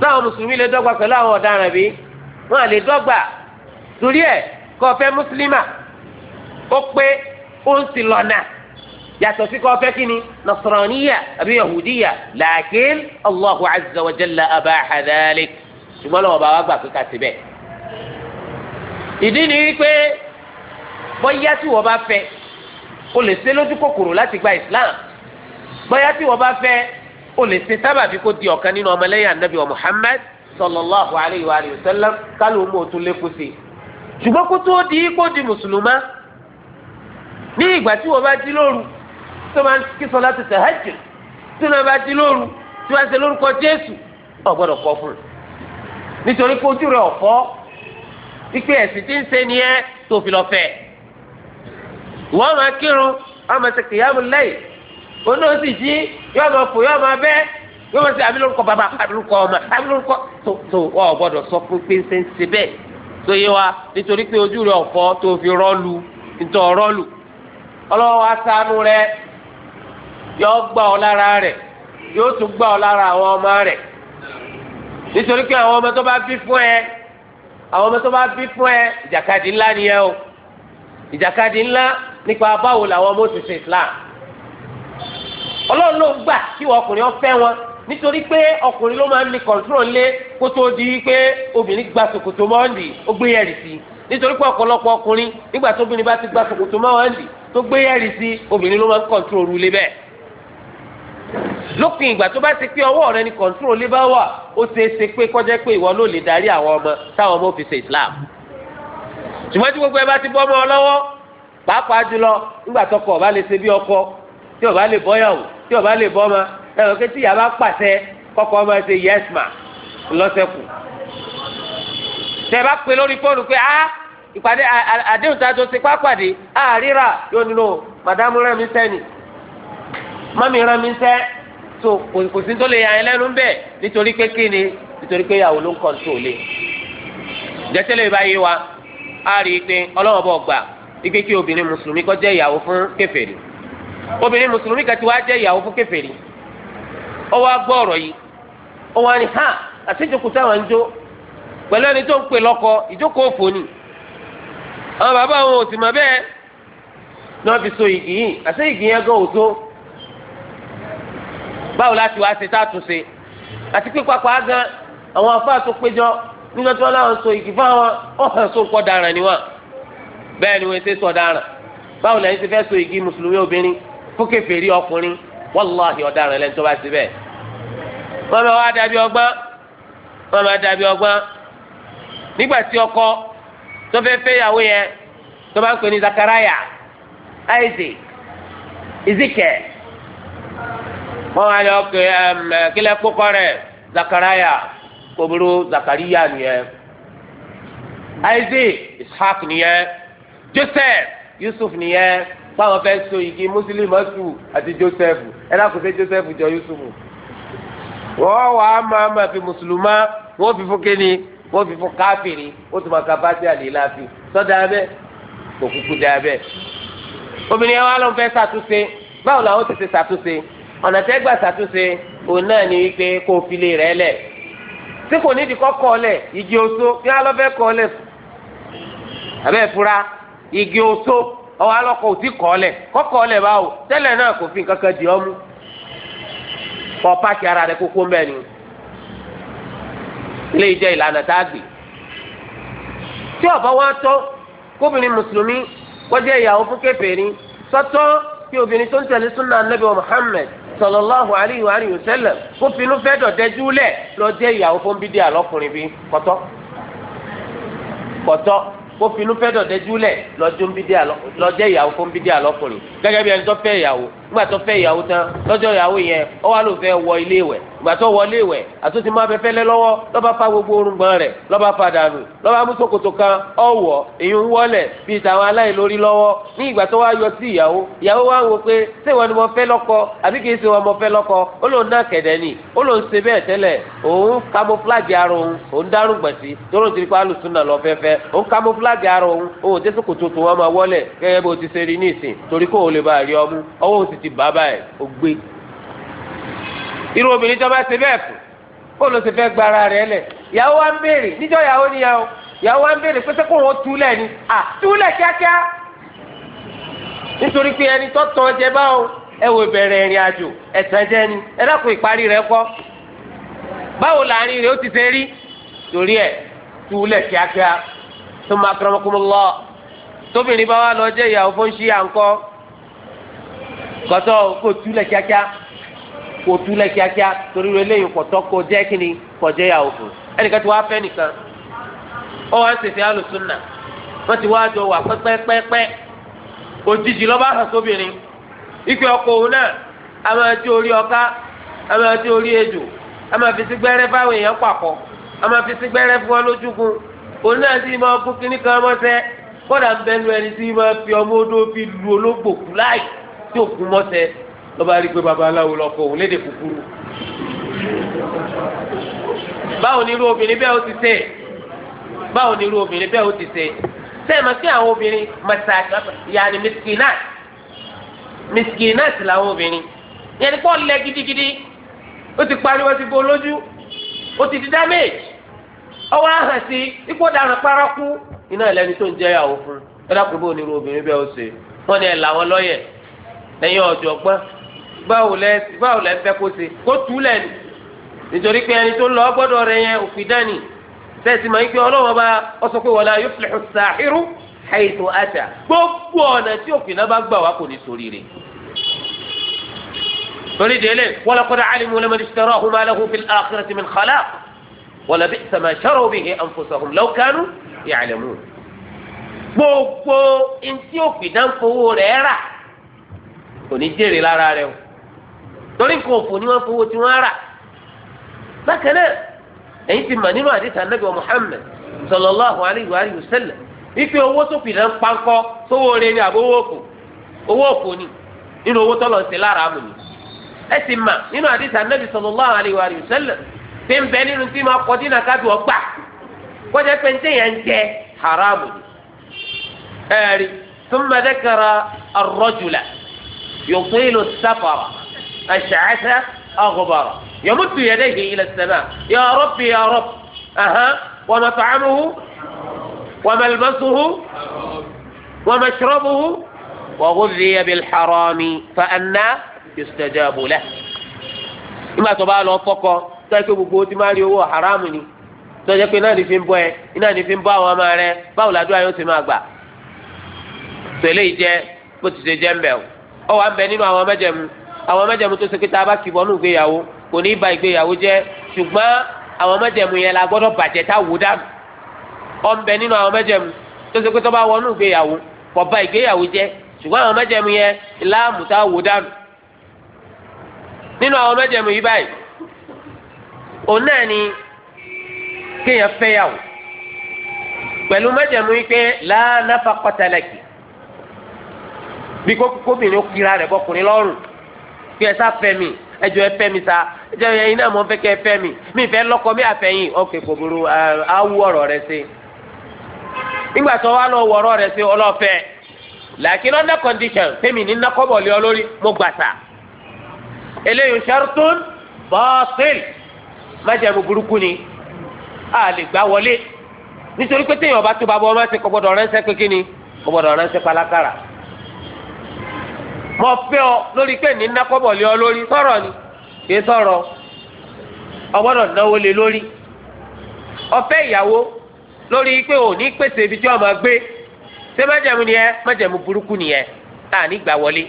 láwọn mùsùlùmí lè dọ́gba pẹ̀lú àwọn ọ̀daràn bí wọn lè dọ́gba torí ẹ kò fẹ́ mùsùlùmá ó pé ó ń sì lọ́nà yàtọ̀ sí kò fẹ́ kíni nasraniya àbí yahudiya làákín allahu azza wa jalla abaha dhalik ṣùgbọ́n lọ́wọ́ bá wa gbà pé ká ti ìdí ni wípé bọ́yá tí wọ́n bá fẹ́ o lè ṣe lójú kòkòrò láti gba islam bóyá tí wọ́n bá fẹ́ o lè ṣe sábàbí kó di ọ̀kan nínú ọmọlẹ́yìn anabi wa muhammad sallallahu alayhi wa sallam kálù mú òtún lékún sí i ṣùgbọ́n kó tó di kó di mùsùlùmá ní ìgbà tí wọ́n bá jí lóru tó máa ń kí sọlá ti tahajjud tí wọ́n bá jí lóru tí wọ́n ṣe lórúkọ jésù wọ́n gbọ́dọ̀ kọ́ fún un nítorí pé ojú rẹ̀ ọ̀fọ́ wípé ẹ̀sìn tí ń ṣe ni ẹ́ tó fi lọ fẹ́ wọ́n máa kírun wọ́n máa ṣe kìyàmù lẹ́yìn onu náà sì jí ma máa fò ma bẹ bẹ́ ma máa sẹ abilorúkọ bàbá abilorúkọ ọmọ abilorúkọ tó tó wà sọ pé tó wa nítorí pé ojú rẹ ọfọ tó fi rọ́ọ̀lù nítorí ọ̀rọ̀ọ̀lù ọlọ́wọ́ wa rẹ gbà ọ lára rẹ yóò tún gbà ọ lára àwọn ọmọ rẹ nítorí pé àwọn ọmọ tó bá bí fún ẹ àwọn ńlá o ìjàkadì ọmọ Islam ọlọ́run ló gbà kí ọkùnrin ó fẹ́ wọn nítorí pé ọkùnrin ló máa ń ní kọ̀ǹtúrò ńlé kó tó di pé obìnrin gba ṣòkòtò mọ́ọ̀lì ó gbé yẹ̀rì sí nítorí pé ọ̀pọ̀lọpọ̀ ọkùnrin nígbà tó obìnrin bá ti gba ṣòkòtò mọ́ọ̀lì tó ru lé bẹ́ẹ̀. lópin ìgbà tó bá ti pé rẹ ni lé bá wà ó ṣe é ṣe pé ọmọ táwọn ọmọ fi Islam ṣùgbọ́n tí gbogbo ẹ bá ti bọ́ ọmọ pàápàá tọkọ ọba lè ọkọ tí o bá lè bọ́yàwó tí o bá lè bọ́ ma ẹ̀rọ tí ìyá bá pàṣẹ kọ́kọ́ máa ṣe yes ma lọ́sẹ̀kù. tẹ bá pe lórí fóònù pé ah, a ìpàdé àdéhùn tá a tó ṣe pàpàdé a ríra yóò nínú màdámù rẹ̀ mi sẹ́ni mọ́mí rẹ̀ mi sẹ́ tó kò sí tó lè yà lẹ́nu nítorí pé kí ni nítorí pé wa a rí i pé ọlọ́wọ́ bọ̀ gbà ikeke obìnrin mùsùlùmí ìyàwó fún obìnrin mùsùlùmí kan ti wá jẹ ìyàwó fún kèfèrí ó wá gbọ́ ọ̀rọ̀ yìí ó wá ní hàn pẹlụ táwọn ń jó pẹ̀lú ẹni tó ń pè ìjókòó ni àwọn bàbá àwọn ò sì igi yìí àti igi yẹn gan òtó báwo láti wá ṣe tá a tún ṣe àti pé pápá gan àwọn afáà tó péjọ nígbà tí so igi fáwọn ni ni ṣe sọ báwo ti fún kèfèrí ọkùnrin wàláhì ọ̀daràn lẹ́nu tó bá ti bẹ́ẹ̀ wọ́n máa wá dàbí ọgbọ́n wọ́n máa ọkọ tó fẹ́ fẹ́ yàwó yẹn tó Zakaraya Isaac Ezekiel wọ́n wá lọ um, kílẹ̀ kókọ́ Zakaraya kòbúrú Zakariya nìyẹn Isaac Ishaq nìyẹn Joseph Yusuf nìyẹn. báwọn fẹ́ so igi muslim ọ̀sù àti joseph ẹ dákun sí joseph jọ yusuf wọ́n wà á máa ma fi mùsùlùmá wọ́n fi fún kéde wọ́n fi fún káfìrí ó tún ma ka bá sí àlè láàfin sọ́dà abẹ́ kò kúkú dà abẹ́ obìnrin yẹn wà ló ń fẹ́ ṣàtúnṣe báwo làwọn ti ṣe ṣàtúnṣe ọ̀nà tẹ́ gbà ṣàtúnṣe òun náà ni wípé kó o file rẹ̀ lẹ̀ tí kò nídìí kọ́ kọ́ lẹ̀ igi oṣó kí wọ́n lọ́ fẹ́ kọ́ lẹ̀ abẹ́ fura igi oṣó ọwọ́ alọ́kọ̀ ò tí kọ́ọ̀lẹ̀ kọ́kọ́ọ̀lẹ̀ báwo tẹ́lẹ̀ náà kò fi nǹkan kan di ọmú kọ́ páàkì ara rẹ̀ kókó mbẹ́ ni ilé ìjẹ́ ìlànà tá a gbé tí ọba wa tọ́ kóbìnrin mùsùlùmí kọjá ìyàwó fún kèfèrí sọ́tọ́ kí obìnrin tó ń tẹ̀lé súnà nàbì wa Muhammad sallallahu alayhi wa alihi wa sallam kó finú fẹ́ dọ̀dẹ́jú lẹ̀ lọ jẹ́ ìyàwó fún bídíà lọ́kùnrin bí kọ́tọ́ kọ́tọ́ kó finú fẹ́ dọ̀dẹ́ júlẹ̀ lọ́jọ́ ìyàwó fún bídíà lọ́kùnrin gẹ́gẹ́ bí ẹni tó fẹ́ ìyàwó nígbà tó fẹ́ ìyàwó tán lọ́jọ́ ìyàwó yẹn ó wá ló fẹ́ wọ ilé ìwẹ̀ ìgbà tó wọ ilé ìwẹ̀ àtúntì máa fẹ́fẹ́ lẹ́ lọ́wọ́ lọ́ba fa gbogbo orúngbọ̀n rẹ̀ lọ́ba padànù lọ́ba mú ṣòkòtò kan ọ̀wọ̀ ìyún wọlẹ̀ bíi tàwọn aláìlórí lọ́wọ́ ní ìgbà tó wá yọ sí ìyàwó ìyàwó wá wò pé ṣé wọn ni mo fẹ́ lọ́kọ àbí kì í ṣe wọn mo fẹ́ lọ́kọ ó lòun náà kẹ̀dẹ̀ ni ó lòun ṣe bẹ́ẹ̀ tẹ́lẹ̀ òun camouflage ara òun òun dárúgbọ̀n sí tó lóun ti rí pa alùsùn náà lọ fẹ́fẹ́ òun camouflage ara òun òun tẹ́sí kòtò tó wọn máa wọlẹ̀ gẹ́gẹ́ bó ti ṣe rí ní ìsìn torí kó o lè bá rí ọmú ọwọ́ òun ti ti bá báyìí ó gbé irú obìnrin tó bá ṣe bẹ́ẹ̀ kù kó ló ṣe fẹ́ gba ara rẹ̀ lẹ̀ ìyàwó wa ń béèrè níjọ́ ìyàwó níyàwó ìyàwó wa ń béèrè pé sẹ́kọ̀ wọn túlẹ̀ ni à túlẹ̀ kíákíá nítorí pé ẹni tó jẹ báwo ẹ wò ìbẹ̀rẹ̀ ìrìn àjò ẹ̀tàn jẹ ni ẹ dákun ìparí rẹ̀ kọ́ báwo làárín rẹ̀ ó ti ṣe rí torí ẹ̀ túlẹ̀ kíákíá tó máa kọ́rọ́mọkúmọ́ lọ tóbìnrin bá wà lọ jẹ́ ìyàwó fún ṣíyà ńkọ́ kọtọ kò túlẹ̀ kíákíá kò túlẹ̀ kíákíá torí rẹ léyìn kọtọ kò jẹ́ kí ni ẹnìkan nìkan ó wá ń ṣèṣe alùsùnà wọ́n ti wá jọ wà pẹ́pẹ́pẹ́pẹ́ òjijì lọba hàn sóbìnrin ike ọkọ òun náà a máa ti orí ọká a máa ti orí ejò a máa fi sí fáwọn èèyàn sí tí òkun mọ́sẹ̀ lọ́ba rí pé babaláwo lọ́kọ̀ òun léde kúkúrú. báwo ni irú obìnrin bẹ́ẹ̀ ó ti ṣe báwo ni irú obìnrin bẹ́ẹ̀ ó ti ṣe sẹ́ẹ̀mọ́ sí àwọn obìnrin mọ̀sáàkà yàrá mìsìkìnà mìsìkìnà sì làwọn obìnrin yẹn ni pọ́ọ̀lù lẹ gidigidi ó ti pariwo ti bo lójú ó ti di damage ọwọ́ ahàn sí ipò daràn paraku iná ìlẹ́ni tó ń jẹ́yàwó fún ẹ dákúrò bó onírú obìnrin bẹ́ẹ̀ ó ṣe wọ́n lẹ́yìn ọ̀jọ̀gbọ́n báwo lẹ báwo lẹ fẹ́ kó ṣe kó túlẹ̀ ni nítorí pé ẹni tó lọ gbọ́dọ̀ rẹ yẹn òfin dání sẹ́ẹ̀sì máa ń gbé ọlọ́wọ́ bá ọsọ pé wala yuflihu sahiru haythu ata gbogbo ọ̀nà tí òfin náà bá gbà wá kò ní sórí rẹ̀ torí délé wala qad alimu liman ishtarahu ma lahu fil akhirati min khalaq wala bi'sa ma sharu bihi anfusahum law kanu ya'lamun gbogbo ntí òfin náà fowó rẹ̀ rà kò ní jèrè lára rẹ o torí nǹkan òfò ni wọ́n fowó tí wọ́n rà bákan náà ẹ̀yin ti mà nínú àdìsá nàbì wa Muhammad sallallahu alayhi wa sallam ife owó tó fi náà pankọ sówó rẹ ni àbí owó òfò owó òfò ni nínú owó tọ́lọ̀ ń ṣe lára mu ni ẹ sì mà nínú àdìsá nàbì sallallahu alayhi wa sallam fi ń bẹ nínú tí máa kọ́ dínà kájú ọgbà kọjá pé ń ń jẹ haramu ni ẹ̀rí thumma dhakara ar-rajula. يطيل السفر أشعث أغبر يمد يديه إلى السماء يا ربي يا رب أها ومطعمه وملبسه ومشربه وغذي بالحرام فأنا يستجاب له إما تبالو فوق تاكو بوتي مالي هو حرامني tọ́jọ́ pé náà ní fi ń bọ́ ẹ náà ní fi ń bọ́ àwọn ọmọ ó wà ń bẹ nínú àwọn májẹ̀mú àwọn májẹ̀mú tó ṣe pé tá a bá kì bọ́nú ìgbéyàwó kò ní ba ìgbéyàwó jẹ́ ṣùgbọ́n àwọn májẹ̀mú yẹn la gbọ́dọ̀ bàjẹ́ tá a wò dànù ó ń bẹ nínú àwọn májẹ̀mú tó ṣe pé tó bá wọnú ìgbéyàwó kò ba ìgbéyàwó jẹ́ ṣùgbọ́n àwọn májẹ̀mú yẹn láàmú tá wò dànù nínú àwọn májẹ̀mú yìí báyìí òun náà ni kéèyàn fẹ́yàwó pẹ̀lú májẹ̀mú yìí pé la nafaqata laki bí kóbìnrin ó kira rẹ̀ bọkùnrin lọ́rùn bí ẹ sá fẹ́ mi ẹjọ ẹ fẹ́ mi sa ẹjọ ẹyin náà mọ fẹ́ kẹ ẹ fẹ́ mi mi fẹ́ lọ́kọ mi àfẹyìn ọkẹ kò burú awú ọ̀rọ̀ rẹ̀ sí nígbà tó wà lọ wọrọ rẹ̀ sí ọlọfẹ làkín under condition fẹmi ní nakọbọlẹ olórí mo gbàtà eléyìí shartun batil májẹ̀mú burúkú ni a lè gbá wọlé nítorí pé téèyàn bá tó bá bọ ọmọ ẹsẹ kò gbọ́dọ̀ ránṣẹ́ pé mo ọ lórí pé ní nakọ́bọ̀ lé ọ lórí sọrọ ni ṣe sọrọ sọ̀rọ̀ ọ gbọ́dọ̀ náwó lé lórí ọfẹ́ ìyàwó lórí pé ò ní pèsè ibi tí máa gbé ṣé májẹ̀mú ni ẹ májẹ̀mú burúkú ni ẹ tá à ní gbà wọlé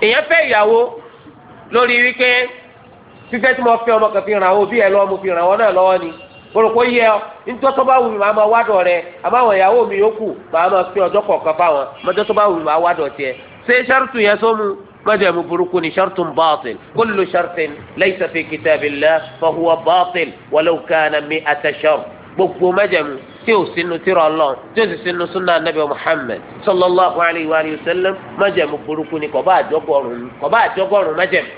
èèyàn ìyàwó lórí wípé tí mo ọmọ kan fi ràn ni yẹ ọ bá wù mí màá ma wá dọ̀ rẹ ma fi ọjọ́ kọ̀ọ̀kan fáwọn bá wù mí ṣé ṣàrùtù yẹn só mu májẹ̀mú burúkú ni ṣàrùtù ń báàtìl kullu ṣàrùtìn laysa fi kitabillah fahuwa báàtìl walau kana mi àtẹ̀ṣọ́r gbogbo májẹ̀mú tí o sinu tírà Allah tí o sì sinu sunna anabi Muhammad sallallahu alayhi wa sallam májẹ̀mú burúkú ni kọ̀bá àjọgọ́rùn kọ̀bá àjọgọ́rùn májẹ̀mú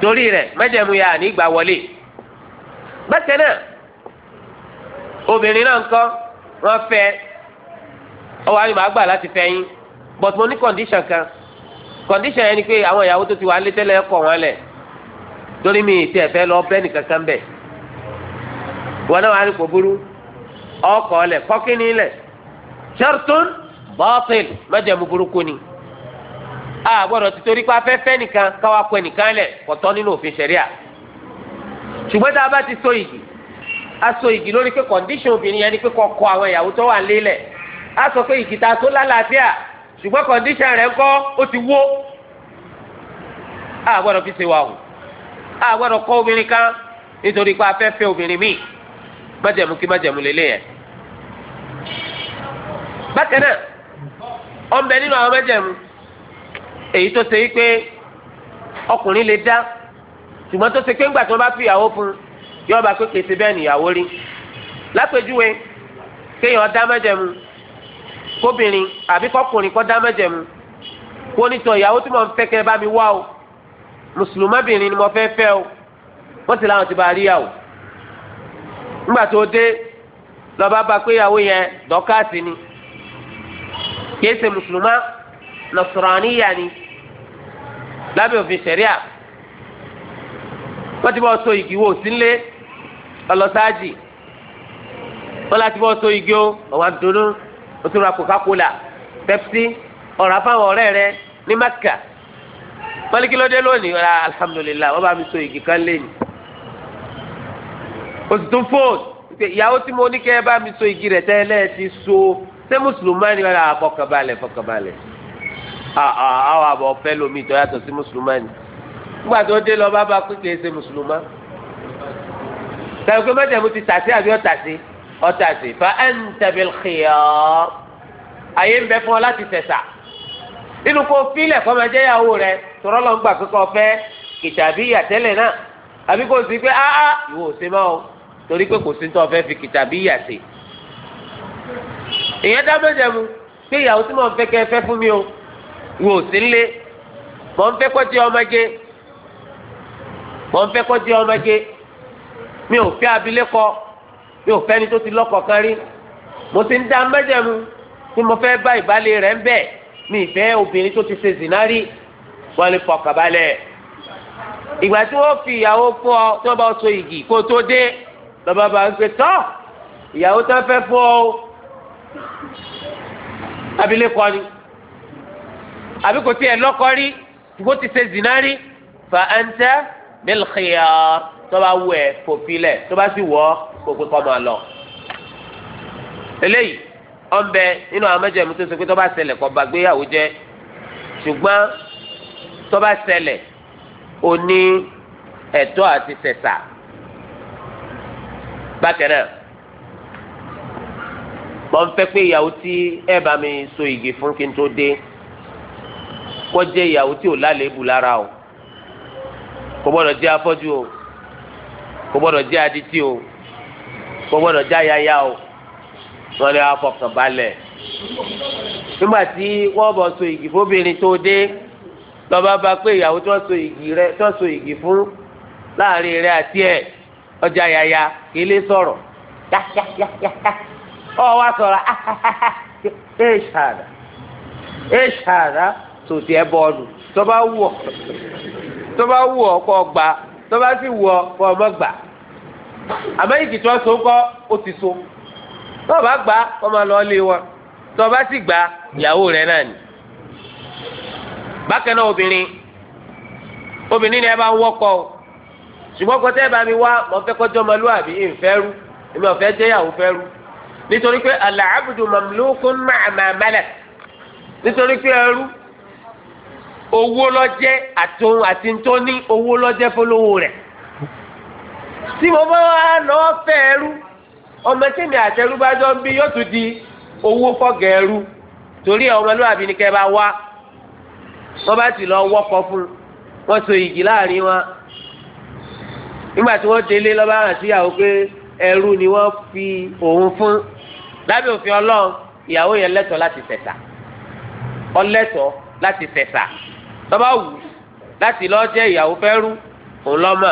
torí rẹ̀ májẹ̀mú yà á nígbà wọlé bákan obìnrin náà ń kọ́ wọ́n fẹ́ ọwọ́ àyùmọ̀ àgbà láti fẹ́ yín but mo ní condition kan condition yẹn ni pé àwọn ìyàwó tó ti wà á lé tẹ́lẹ̀ kọ̀ wọ́n lẹ̀ torí mi ti ẹ̀fẹ́ lọ bẹ́ẹ̀ nìkan kan bẹ̀ wọn náà wà ní kò burú ọkọ̀ lẹ̀ kọ́kínní lẹ̀ shartun batil májẹ̀mú burúkú ni a gbọ́dọ̀ ti torí pé afẹ́fẹ́ nìkan káwa kọ ẹnìkan lẹ̀ kọ̀tọ́ nínú òfin ṣẹ̀ríà ṣùgbọ́n tá a bá ti so igi a so igi lórí pé condition obìnrin yẹn ni pé kọ́ kọ àwọn ìyàwó tó wà ń lé a sọ pé igi ta tó lálàáfíà ṣùgbọ́n kọ̀ǹdíṣàn rẹ̀ kọ́ ó ti wó a gbọ́dọ̀ fi ṣe wa o a gbọ́dọ̀ kọ́ obìnrin kan nítorí pé a fẹ́ fẹ́ obìnrin míì májẹ̀mú kí májẹ̀mú lélẹ̀ yẹn. bákan náà ọ̀nbẹ nínú àwọn májẹ̀mú èyí tó ṣe pé ọkùnrin lè dá ṣùgbọ́n tó ṣe pé ńgbà tí wọ́n bá fi ìyàwó fún un yóò bá pé kèsì bẹ́ẹ̀ nìyàwó rí lápèjúwe kéèyàn dá májẹ̀mú kóbìnrin àbí kọkùnrin kọ́ dá mẹ́jẹ̀mú kó nítọ̀ ìyàwó tí mo ń fẹ́ kẹ́ bá mi wá o mùsùlùmọ́bìnrin ni mo fẹ́ fẹ́ o wọ́n ti láwọn ti bá rí yàwó nígbà tó dé lọ́ba bá pé ìyàwó yẹn dọ́kàtì ni kìí ṣe mùsùlùmá nasraniya ni lábẹ́ òfin ṣẹ̀ríà wọ́n ti bọ́ so igi wo sílé ọlọ́sáàjì wọ́n láti bọ́ so igi o ọ̀wá dúró o tún ra coca-cola pepsi ọ̀rọ̀ afáwọn ọ̀rẹ́ rẹ ní maka mọ́líkìlódé lónìí ọ̀rọ̀ alhamdulilayi wọ́n bá mi so igi kan lé ní. o sì tún fóònù ìyàwó tí mo ní kẹ́ ẹ bá mi so igi rẹ̀ tẹ́lẹ̀ ti so ṣé mùsùlùmáàni ọ̀rọ̀ àfọkànbalẹ̀ ah, fọkànbalẹ̀ àwọn ah, ah, àbọ̀ ọ̀fẹ́ lomi ìtọ́ yàtọ̀ sí mùsùlùmáàni nígbà tó dé lọ bá bá pé kì í ṣe mùsùlùmá. sàrùkú mẹ́tẹ̀ẹ̀mú ti tàṣí àbí ọ̀tàṣí ọ̀tá sí fa anta bil khiyar àyè ń bẹ fún ọ láti tẹ̀sà nínú kó filẹ̀ kọ́mọjẹ́ yàwó rẹ tọrọ lọ ń gbà pé kọ́ fẹ́ kìtàbí yàtẹ́lẹ̀ náà àbí kò sí pé áá ìwọ ò ṣe máa o torí pé kò sí tó fẹ́ fi kìtàbí yàtẹ́ ìyẹn dá méje mu pé ìyàwó tí mò ń fẹ́ kẹ́ fún mi o ìwọ ò sí nílé mò ń fẹ́ kọ́ ti ọmọge mò ń fẹ́ kọ́ ti ọmọge mi ò fẹ́ abilékọ mi ò fẹ́ni tó ti lọ́kọ kan rí mo ti ń dá mẹ́jẹ̀mú tí mo fẹ́ bá ìbálẹ̀ rẹ̀ ń bẹ̀ mi ìfẹ́ obìnrin tó ti ṣe zìnà rí wọ́n lè fọkàn balẹ̀ ìgbà tí wọ́n fi ìyàwó fún ọ tí wọ́n bá so igi kó tó dé lọ́ba bá ń pè tọ́ ìyàwó tó fẹ́ fún ọ abilékọ ni àbí kò tiẹ̀ lọ́kọ rí kó ti ṣe zìnà rí fa anta bil khiyar tó bá wù ẹ́ fòfin lẹ̀ tó bá sì wọ̀ ọ́ kó pé kọ́ máa lọ. eléyìí ọ̀nbẹ nínú àwọn mẹ́jọ ìmú tó sọ pé tó bá ṣẹlẹ̀ kọ́ bàgbéyàwó jẹ́ ṣùgbọ́n tó bá ṣẹlẹ̀ ó ní ẹ̀tọ́ àti ṣẹ̀ṣà bákan náà mo ń fẹ́ pé ìyàwó tí ẹ bá mi so igi fún kí n tó dé kó jẹ́ ìyàwó tí ò lálébù lára o kò gbọ́dọ̀ jẹ́ afọ́jú o kò gbọ́dọ̀ jẹ́ adití o kò já yáyá o wọn lè wá fọkàn nígbà tí wọ́n bọ̀ so igi fóbìnrin tó dé lọ́ba bá pé ìyàwó tó so igi rẹ̀ tó so igi fún láàrin rẹ̀ àti ẹ̀ ọjà yáyá kì í yáyáyáyá ọ wá ah, ah, ah, ẹ ṣàdá ẹ ṣàdá tòtí ẹ bọ́ọ̀lù tó wù ọ́ tó wù ọ́ kọ́ gbà tó sì wù ọ́ kọ́ ọ gbà àmọ́ igi tí wọ́n so kọ́ ó ti so tó o bá gbà kọ́ máa lọ lé wọn tó o bá sì gbà ìyàwó rẹ náà ni. bákan náà obìnrin obìnrin ni ẹ bá ń wọ́kọ̀ o ṣùgbọ́n kọ́tẹ́ bá mi wá mọ̀ fẹ́ kọjọ́ ọmọlúwàbí ìfẹ́ rú èmi ọ̀fẹ́ jẹ́yàwó fẹ́ rú nítorí pé al-abdu mamlukun ma'a ma malak nítorí pé ẹrú owó ló jẹ́ àtòun àti ntóní owó ló fọlọ́wọ́ rẹ̀ tí mo bá wá lọ fẹ́ ẹrú ọmọ tèmi àtẹrú bá jọ ń bí yóò tún di owó fọ́gà ẹrú torí ọmọlúwàbí ni kẹ́ bá wá wọ́n bá ti lọ wọ́kọ̀ fún wọ́n so ìjì láàrin wọn nígbà tí wọ́n délé lọ́ba hàn síyàwó pé ẹrú ni wọ́n fi òun fún lábẹ́ òfin ọlọ́run ìyàwó yẹn lẹ́tọ̀ọ́ láti fẹ̀sà ọlẹ́tọ̀ọ́ láti fẹ̀sà lọ́ba wù láti lọ́ọ́ jẹ́ ìyàwó fẹ́rú òun lọ́mọ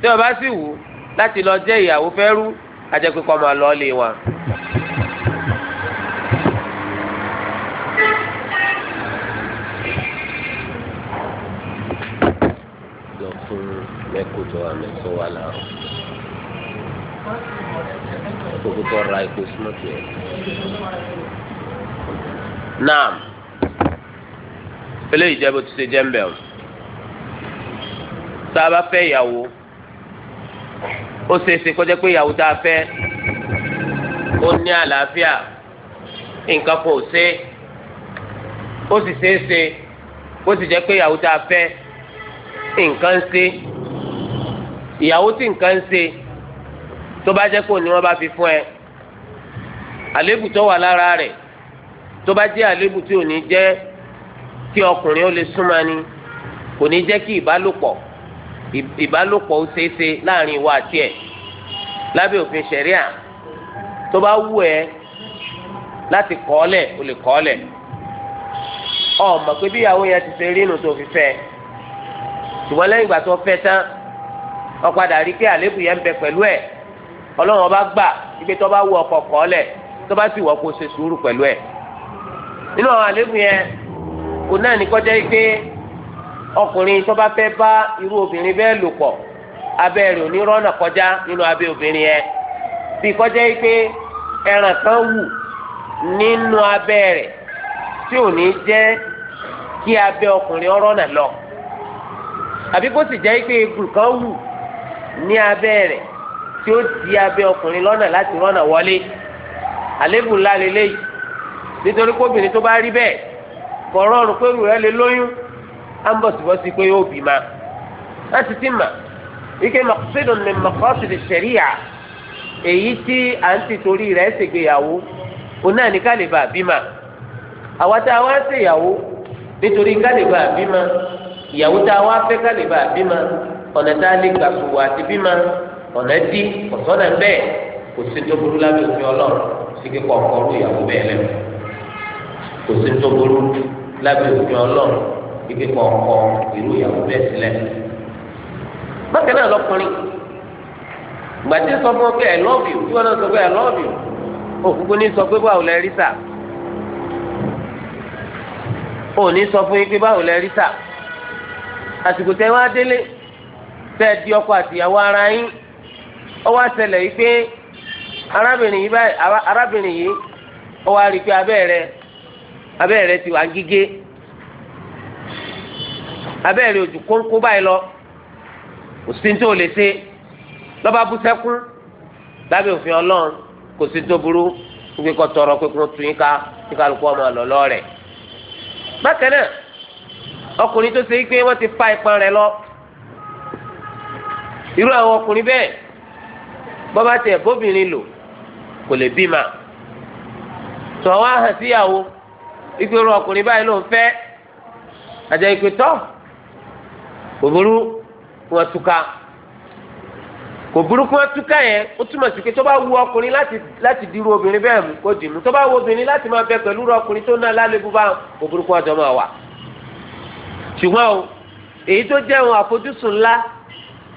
tí wọ́n bá sì wù láti lọ jẹ́ ìyàwó fẹ́rú ajẹ́pẹ́ kọ́ máa lọ ọ́ lé wọn. lọ fún mẹ́kò tó wà mẹ́kò wà láàrú kókó tó ra epo sínú tiẹ̀. naam eléyìí jẹ́ bó ti ṣe jẹ́ ń bẹ̀rù tá a bá fẹ́ ìyàwó ó ṣeéṣe kó jẹ́ pé ìyàwó tá a fẹ́ ó ní àlàáfíà nǹkan kò ṣe ó sì ṣeéṣe kó sì jẹ́ pé ìyàwó tá a fẹ́ nǹkan ṣe ìyàwó tí nǹkan ṣe tó bá jẹ́ pé òní wọ́n bá fi fún ẹ àléébù tó wà lára rẹ̀ tó bá jẹ́ àléébù tí ò jẹ́ kí ọkùnrin ó lè súnmọ́ ni kò ní jẹ́ kí ìbálòpọ̀ ìbálòpọ̀ ó ṣeéṣe láàrin ìwọ àti ẹ̀ lábẹ́ òfin ṣẹ̀ríà tó bá wù ẹ́ láti kọ́ọ́lẹ̀ o lè kọ́ọ́lẹ̀ ọmọ pé bí ìyàwó yẹn ti ṣe rí inú tó fi fẹ́ ṣùgbọ́n lẹ́yìn ìgbà tó fẹ́ tán ó padà rí pé àléébù yẹn ń bẹ pẹ̀lú ẹ̀ ọlọ́run ọba gbà ibi tó bá wù ọkọ̀ kọ́ọ́lẹ̀ tó bá sì wọ̀ kó ṣe sùúrù pẹ̀lú ẹ̀ nínú àwọn àléébù yẹn kò náà ní kọjá yìí pé ọkùnrin tó bá fẹ́ bá irú obìnrin bẹ́ẹ̀ lò pọ̀ abẹ́ rẹ̀ rọ́nà kọjá nínú abẹ́ obìnrin yẹn bí kọjá yìí pé ẹran kan wù nínú abẹ́ rẹ̀ kí abẹ́ ọkùnrin rọ́nà lọ àbí kó sì jẹ́ pé kan wù ní abẹ́ rẹ̀ ọkùnrin lọ́nà láti rọ́nà wọlé àlébù ńlá lélẹ́yìí nítorí kóbìnrin tó á ń bọ̀ síbọ̀ sí pé yóò bì má láti ti mà wíkẹ́ maqsidun min maqasid ash-sharia èyí e tí à ń ti torí rẹ̀ ṣègbéyàwó òun náà ní ká lè bá bímọ àwa tá a wá ṣèyàwó nítorí ká lè bá bímọ ìyàwó tá a wá fẹ́ ká lè bá bímọ ọ̀nà tá a lè gbà fún wa àti bímọ ọ̀nà dí ọ̀sọ́nà bẹ́ẹ̀ kò sí tó burú lábẹ́ òfin ọlọ́run sí kíkọ́ ọkọ̀ ọ̀rú bẹ́ẹ̀ lẹ́nu kò sí tó burú lábẹ́ òfin ọlọ́run ibi kọ̀ọ̀kọ̀ ìlú ìyàwó bákan náà lọkùnrin gbàtí sọ fún ọ pé i love you tí wọn náà sọ pé i love you òkùnkùn ní sọ pé báwo lẹ rí sà òní sọ fún yín pé ara yín wá yìí pé arábìnrin yìí arábìnrin yìí wá rí i pé ti wà gígé. abẹ́rẹ́ ojú kónkó báyìí lọ òsín tó lè ṣe lọ́ba bú sẹ́kún lábẹ́ òfin ọlọ́run kò sí tó burú wípé kọ́ tọrọ pé kó tún yín ká kí kálukú ọmọ lọ lọ́ọ̀rẹ̀. bákan náà ọkùnrin tó ṣe é pé wọ́n ti fa ìpọn rẹ̀ lọ irú àwọn ọkùnrin bẹ́ẹ̀ bọ́bá tẹ̀ bóbìnrin lò kò lè bímọ tọ́ wá hàn síyàwó ìgbéró ọkùnrin báyìí ló ń fẹ́ àjẹ́ ìpè tọ́ kò burú kí wọ́n túká kò burú kí wọ́n túká yẹn ó túmọ̀ sí pé tó bá wu ọkùnrin láti láti dirú obìnrin bẹ́ẹ̀ mú kó dìmú tó bá wu obìnrin láti máa bẹ pẹ̀lú ọkùnrin tó náà lálébù bá kò burú kí wọ́n jọ máa wà ṣùgbọ́n o èyí tó jẹ́ ohun àfojúsùn ńlá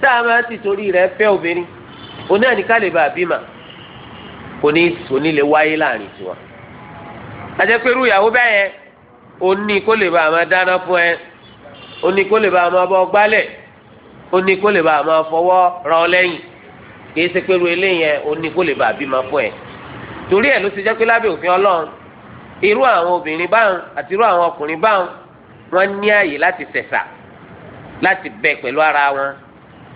tá a máa ti torí rẹ̀ fẹ́ obìnrin oní àníkàlẹ̀ bá bímọ kò ní kò lè wáyé láàrin tiwọn àjẹpẹ́rú ìyàwó bẹ́ẹ̀ yẹn òun kó lè bá a máa dáná fún ẹ ó ní kó lè bá a máa bọ́ gbálẹ̀ ó ní kó lè bá a máa fọwọ́ rọ lẹ́yìn kìí ṣe pé ru eléyẹn ó ní kó lè bá a bí máa fọ ẹ̀ torí ẹ̀ ló ti jẹ́ pé lábẹ́ òfin ọlọ́run irú àwọn obìnrin báwọn àti irú àwọn ọkùnrin báwọn wọ́n ní àyè láti sẹ̀sà láti bẹ pẹ̀lú ara wọn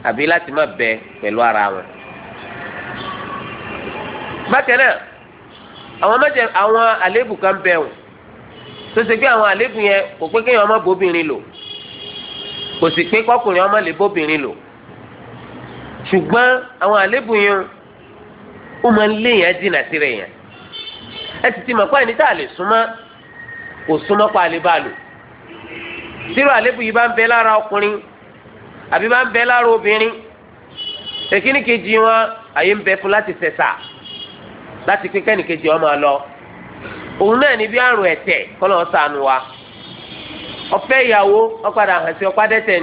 àbí láti má bẹ pẹ̀lú ara wọn. bákan àwọn mẹ́jẹ àwọn àléébù kan bẹ̀ wọ́n tó ṣe pé àwọn àléébù yẹn kò pé kéèyàn má bóbìnrin lò kò sì pé kọkùnrin ọmọ lè bóbìnrin lò ṣùgbọ́n àwọn àlébù yẹn ó máa ń lé dínà síra yẹn ẹ ti ti mọ̀ pé ẹni lè súnmọ́ kò súnmọ́ pa lò tírò àlébù yìí bá ń bẹ lára ọkùnrin àbí bá ń bẹ lára obìnrin èkíní kejì wọn àyè ń bẹ fún láti sẹ̀sà láti pé kẹ́nìkejì ọmọ lọ òun náà ni bí àrùn ẹ̀tẹ̀ kọ́ lọ́ọ́ ọ̀fẹ́ ìyàwó ọpadà hàn sí ọ̀pá dẹ́tẹ̀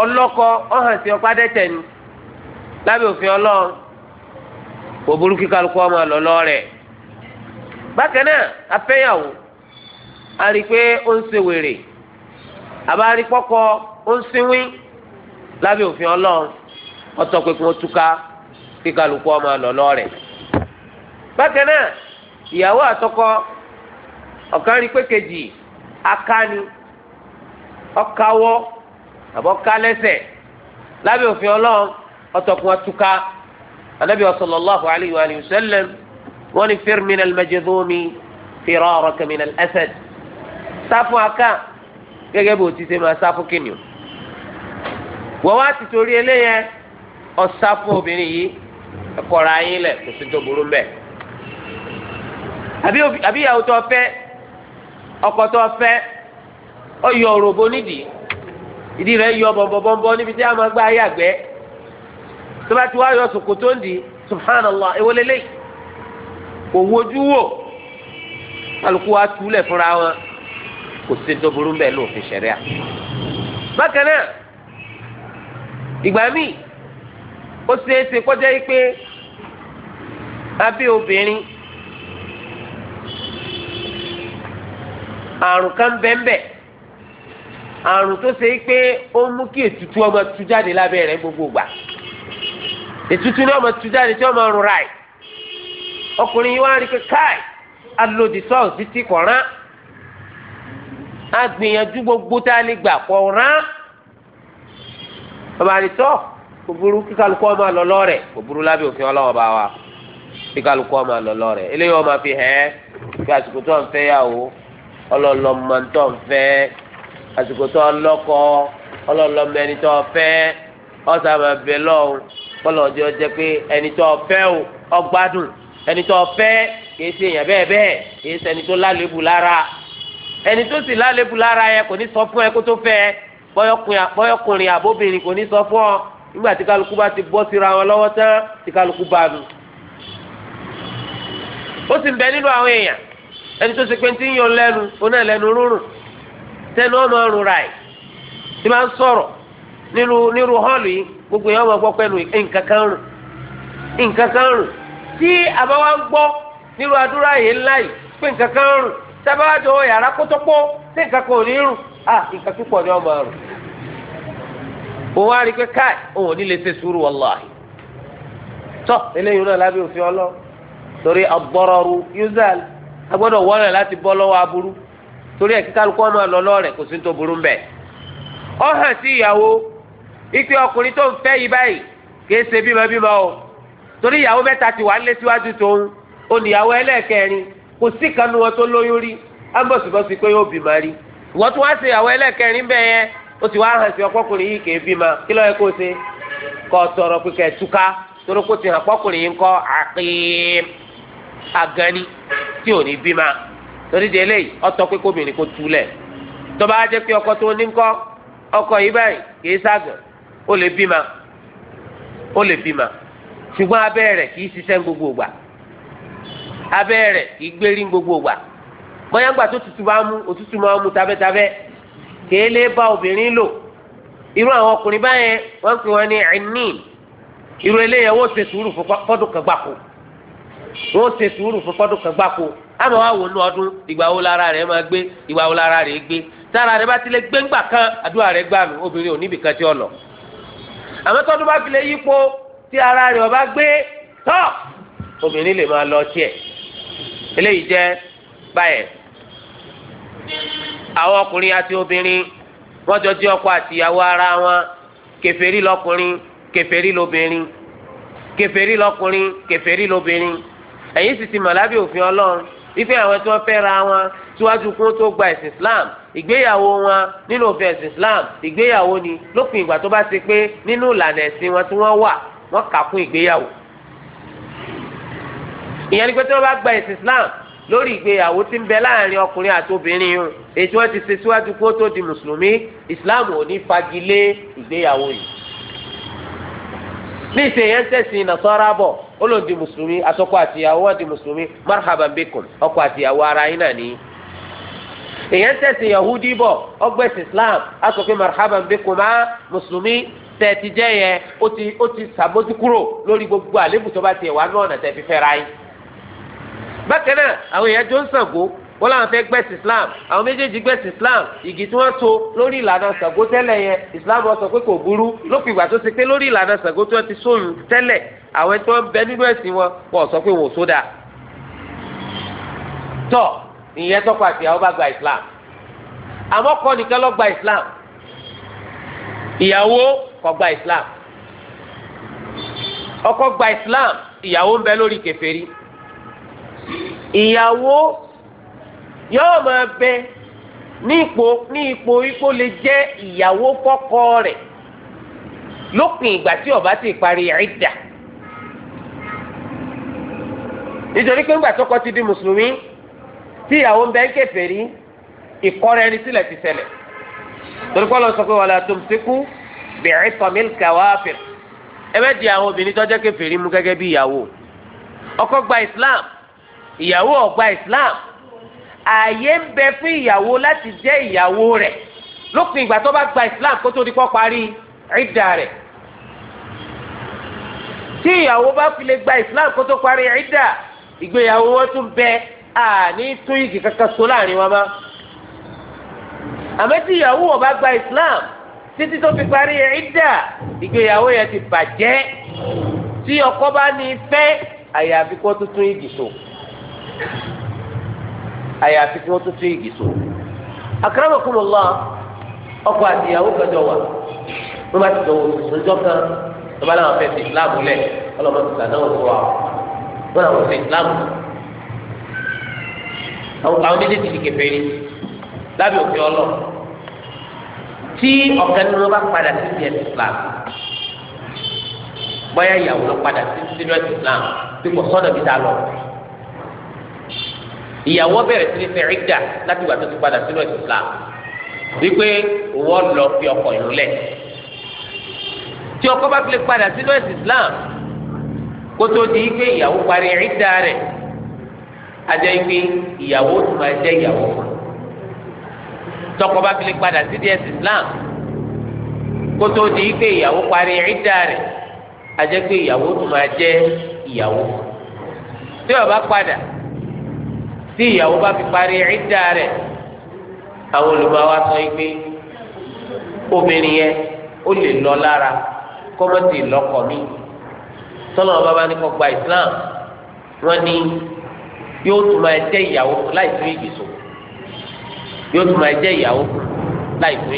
Ọlọkọ ọlọ́kọ sí lábẹ́ òfin ọlọ́run kò burú kí kálukú ọmọ lọ́lọ́ rẹ̀ bákan náà afẹ́yàwó a rí pé ó ń wèrè ó ń sinwín òfin akáni ọkawọ́ àbọ̀kálẹ́sẹ̀ lábẹ́ òfin ọlọ́run ọ̀tọ̀kùn ọ̀túnka anabi sallallahu alayhi wa sallam wọ́n ní fir min al-majdhumi firaraka min al-asad sáfù aká gẹ́gẹ́ bó ti ṣe máa sáfù kìnìún wọ́n wá ti torí eléyẹn ọ̀sáfù obìnrin yìí ẹ̀kọ́ra yín lẹ̀ kò sí tó burú mbẹ́ àbí ìyàwó tó fẹ́ ọkọtọ tó ọ yọ òròbó nídìí ìdí rẹ̀ yọ bọ̀m̀bọ̀m̀bọ̀ níbi tí a máa gbá ayé àgbẹ̀ tó bá ti wá yọ sòkòtò ń subhanallah ewolele kò wojú wò kálukú wa túlẹ̀ fúnra wọn kò sí tó burú àrùn kan bẹ́ẹ̀nbẹ́ àrùn tó ṣe pé ó mú kí ètùtù ọmọ tu jáde lábẹ́ rẹ̀ gbogbo ètùtù náà ọmọ tu jáde tí ọmọ rùn ráì ọkùnrin yìí wá rí pé káì alòdì agbìyànjú gbogbo tá a lè gbà ọmọ àdìsọ́ kò burú ọmọ kò burú lábẹ́ òfin ọlọ́wọ́ bá wa ọmọ eléyìí fi hẹ́ àsìkò tó ń fẹ́ yà wò. ọlọlọ mọtọ fẹ́ àsìkò tó ọlọkọ ọlọlọ mẹni tó fẹ́ ọsàmà bẹlọ o kọlọdé ọjẹ pé ẹni o ọgbádùn ẹni tó fẹ́ kìí ṣe èèyàn bẹ́ẹ̀ bẹ́ẹ̀ kìí ṣe ẹni tó lálébù lára ẹni tó sì lálébù lára yẹ kò ní sọ fún ẹ kó tó fẹ́ bọyọkùnrin àbóbìnrin kò ní sọ fún ọ nígbà tí kálukú bá ti bọ́ síra wọn lọ́wọ́ tán tí kálukú bá nù ó sì ń bẹ nínú àwọn èèyàn ẹni tó ṣe pé ti ń yọ lẹ́nu oná lẹ́nu rúrùn tẹnu ọmọ ọrùn ra ẹ̀ tí máa ń sọ̀rọ̀ nírú nírú họ́ọ̀lù yìí gbogbo yẹn wọ́n gbọ́ pẹ́nu nǹkan kan rùn nǹkan kan rùn tí àbáwá ń gbọ́ nírú àdúrà yìí ńlá yìí pé nǹkan kan rùn sábàájọ yàrá kótópó tí nǹkan kan ò ní rùn à nǹkan púpọ̀ ni ọmọ rùn òun á rí i pé káì òun ò ní lè ṣe sùúrù wàláhì tọ́ a gbọ́dọ̀ wọ́lẹ̀ láti bọ́ lọ́wọ́ aburú torí ẹ̀ kíkálukú ọmọ àlọ́lọ́ rẹ̀ kò sí ní tó burú mbẹ́. ọ hàn sí ìyàwó ipe ọkùnrin tó ń fẹ́ yìí báyìí kìí ṣe bímọ bímọ o torí ìyàwó mẹ́ta ti wà ń lé síwájú tóun ẹlẹ́ẹ̀kẹrin kò sí kanu wọn tó lóyún rí ambọ̀sibọ́sí pé yóò bímọ rí ìwọ́n tún wá tọrọ ti hàn tí ò ní bí ma torí de eléyìí ọtọ pé kóbìnrin kó túlẹ̀ tọba ajẹ́ pé ọkọ tó ní kọ ọkọ yìí báyìí kì í ságàn ó lè bí ma ó lè bí ma ṣùgbọ́n abẹ́ kì í ṣiṣẹ́ gbogbo ìgbà kì í gbogbo tó tutù bá mú òtútù máa mú bá obìnrin lò irú àwọn ọkùnrin báyẹn pè wọ́n ṣe sùúrù fún fọ́dún kan gbáko àmọ́ wà wò nú ọdún ìgbà wo lára rẹ̀ máa gbé ìgbà wo lára rẹ̀ gbé tára rẹ̀ bá tilẹ̀ gbé ńgbà kan àdúrà rẹ̀ gbà mí obìnrin ò níbi kan tí ó lọ. àmọ́ tọ́dún bá tilẹ̀ yípo tí ara rẹ̀ ọba gbé tọ́ obìnrin lè máa lọ tiẹ̀ eléyìí jẹ́ báyẹn. àwọn ọkùnrin àti obìnrin wọ́n jọ jẹ́ ọkọ àtìyàwó ara wọn kèfèrí lọkùnrin kèfèrí lobìnrin kèfèrí lọkùnrin kèfèrí lobìnrin ẹ̀yin sì ti màlábì òfin ọlọ́run ife àwọn tí wọ́n fẹ́ ra wọn síwájú kún tó gba ẹ̀sìn islam ìgbéyàwó wọn nínú òfin ẹ̀sìn islam ìgbéyàwó ni lópin ìgbà tó bá ṣe pé nínú ìlànà ẹ̀sìn wọn tí wọ́n wà wọ́n kà kún ìgbéyàwó. ìyẹn ni pé tí wọ́n bá gba ẹ̀sìn islam lórí ìgbéyàwó tí ń bẹ láàrin ọkùnrin àti obìnrin yìí èyí tí wọ́n ti ṣe síwájú kún tó di mùsùlùmí islam ò ní fagilé ìgbéyàwó yìí. ní ìsìn yẹn ń tẹ̀sìn nasọ́ra bọ̀ ó lòun di mùsùlùmí marhaban bikum ọkọ àtìyàwó ara yín náà nìyí yahudi bọ̀ ọgbẹ́sì islam a marhaban bikuma mùsùlùmí tẹ̀tí jẹ́ yẹn ó ti ó ti gbogbo àlébù bá tiẹ̀ wá náà nà tẹ̀ fífẹ́ ra yín. bákan náà àwọn wọ́n làwọn fẹ́ gbẹ̀sì islam àwọn méjèèjì gbẹ̀sì islam ìgì tí wọ́n tò lórí ìlànà Ṣàngó tẹ́lẹ̀ yẹn islam wọ́n sọ pé kò burú lópin ìgbà tó ṣe pé lórí ìlànà Ṣàngó tí wọ́n ti sóyún tẹ́lẹ̀ àwọn tí wọ́n bẹ nínú ẹ̀sìn wọn wọ́n sọ pé wọ́n sódà. tọ́ ìyẹn tọ́kọ àti ìyàwó bá gba islam àmọ́ kọ́ nìkan ló gba islam ìyàwó kò gba islam ọkọ gba islam ìyàwó ń bẹ lórí kèfèrí ìyàwó yóò máa bẹ ní ipò ní ipò ipò lè jẹ́ ìyàwó fọ́kọ rẹ̀ lópin ìgbà tí ó bá ti parí ìdà nítorí pé ńgbà tọkọ ti di mùsùlùmí tí ìyàwó ń bẹ ń kèfèrí ìkọrẹ ẹni sílẹ̀ ti ṣẹlẹ̀ torí kọ́ lọ sọ pé wàlá tumsiku bẹ̀rẹ̀ tọ̀mílì kàwáfẹ̀ ẹ bẹ́ẹ̀ di àwọn obìnrin tó jẹ́ kèfèrí mú gẹ́gẹ́ bí ìyàwó ọkọ gba Islam ìyàwó ò Islam ààyè ń bẹ fún ìyàwó láti jẹ́ ìyàwó rẹ̀ lópin ìgbà tó bá gba islam kó tó di kó parí ìdá rẹ̀ tí ìyàwó bá fi lè gba islam kó tó parí ìdá ìgbéyàwó wọn tún bẹ àní tún igi kankan so láàrin wọn mọ́ àmọ́ tí ìyàwó wọn bá gba islam títí tó fi parí ìdá ìgbéyàwó yẹn ti bàjẹ́ tí ọkọ bá ní fẹ́ àyàfi kó tuntun igi so àyàfi kí wọ́n tún tún igi so akramakumullah ọkọ àtìyàwó kẹjọ wà wọn bá ti sọ òṣèjọ kan wọn bá láwọn fẹẹ ti islam lẹ ọlọmọ ti sàdánwò fún wa wọn làwọn fẹẹ islam àwọn àwọn méjèèjì ti kẹfẹ ni lábẹ́ òfin ọlọ tí ọkàn nínú wọn bá padà sí ti ẹsẹ islam bóyá ìyàwó lọ padà sí sínú ẹsẹ islam tí kò sọ́dọ̀ bí ta lọ ìyàwó bẹ̀rẹ̀ sí ní fẹ́ ìdá láti wà tó ti padà sínú ẹ̀sìn Islam wípé òwò lọ fi ọkọ ìlú lẹ̀ tí ọkọ bá fi lè padà sínú ẹ̀sìn Islam kótó di pé ìyàwó parí ìdá rẹ̀ ajẹ́ pé ìyàwó tó máa jẹ́ ìyàwó fún tọkọ bá fi lè padà sí di ẹ̀sìn Islam kótó di pé ìyàwó parí ìdá rẹ̀ ajẹ́ pé ìyàwó tó máa jẹ́ ìyàwó tí ó padà. tí ìyàwó bá fi parí ìdá rẹ̀ àwọn olùbá wa sọ pé obìnrin yẹn ó lè lọ lára kọ́mọ́tì lọ́kọ̀ mi tọ́lọ́ ọba bá ní gba Islam wọ́n ní yóò tún máa jẹ́ ìyàwó láì tún ìgì so yóò tún máa jẹ́ ìyàwó láì tún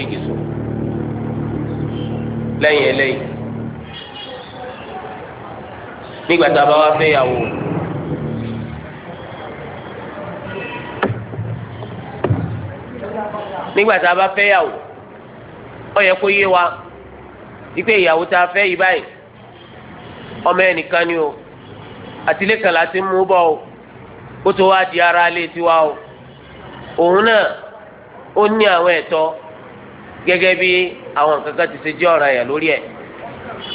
nígbà tá a bá fẹ́ yàwó ó wa wípé ìyàwó tá a fẹ́ yìí báyìí ọmọ ni o àtìlé kan ti mú o kó tó wá di ara lé tiwa o òun náà ó ní àwọn ẹ̀tọ́ gẹ́gẹ́ bí àwọn nǹkan ti ṣe jẹ́ ọ̀ràn yẹn lórí ẹ̀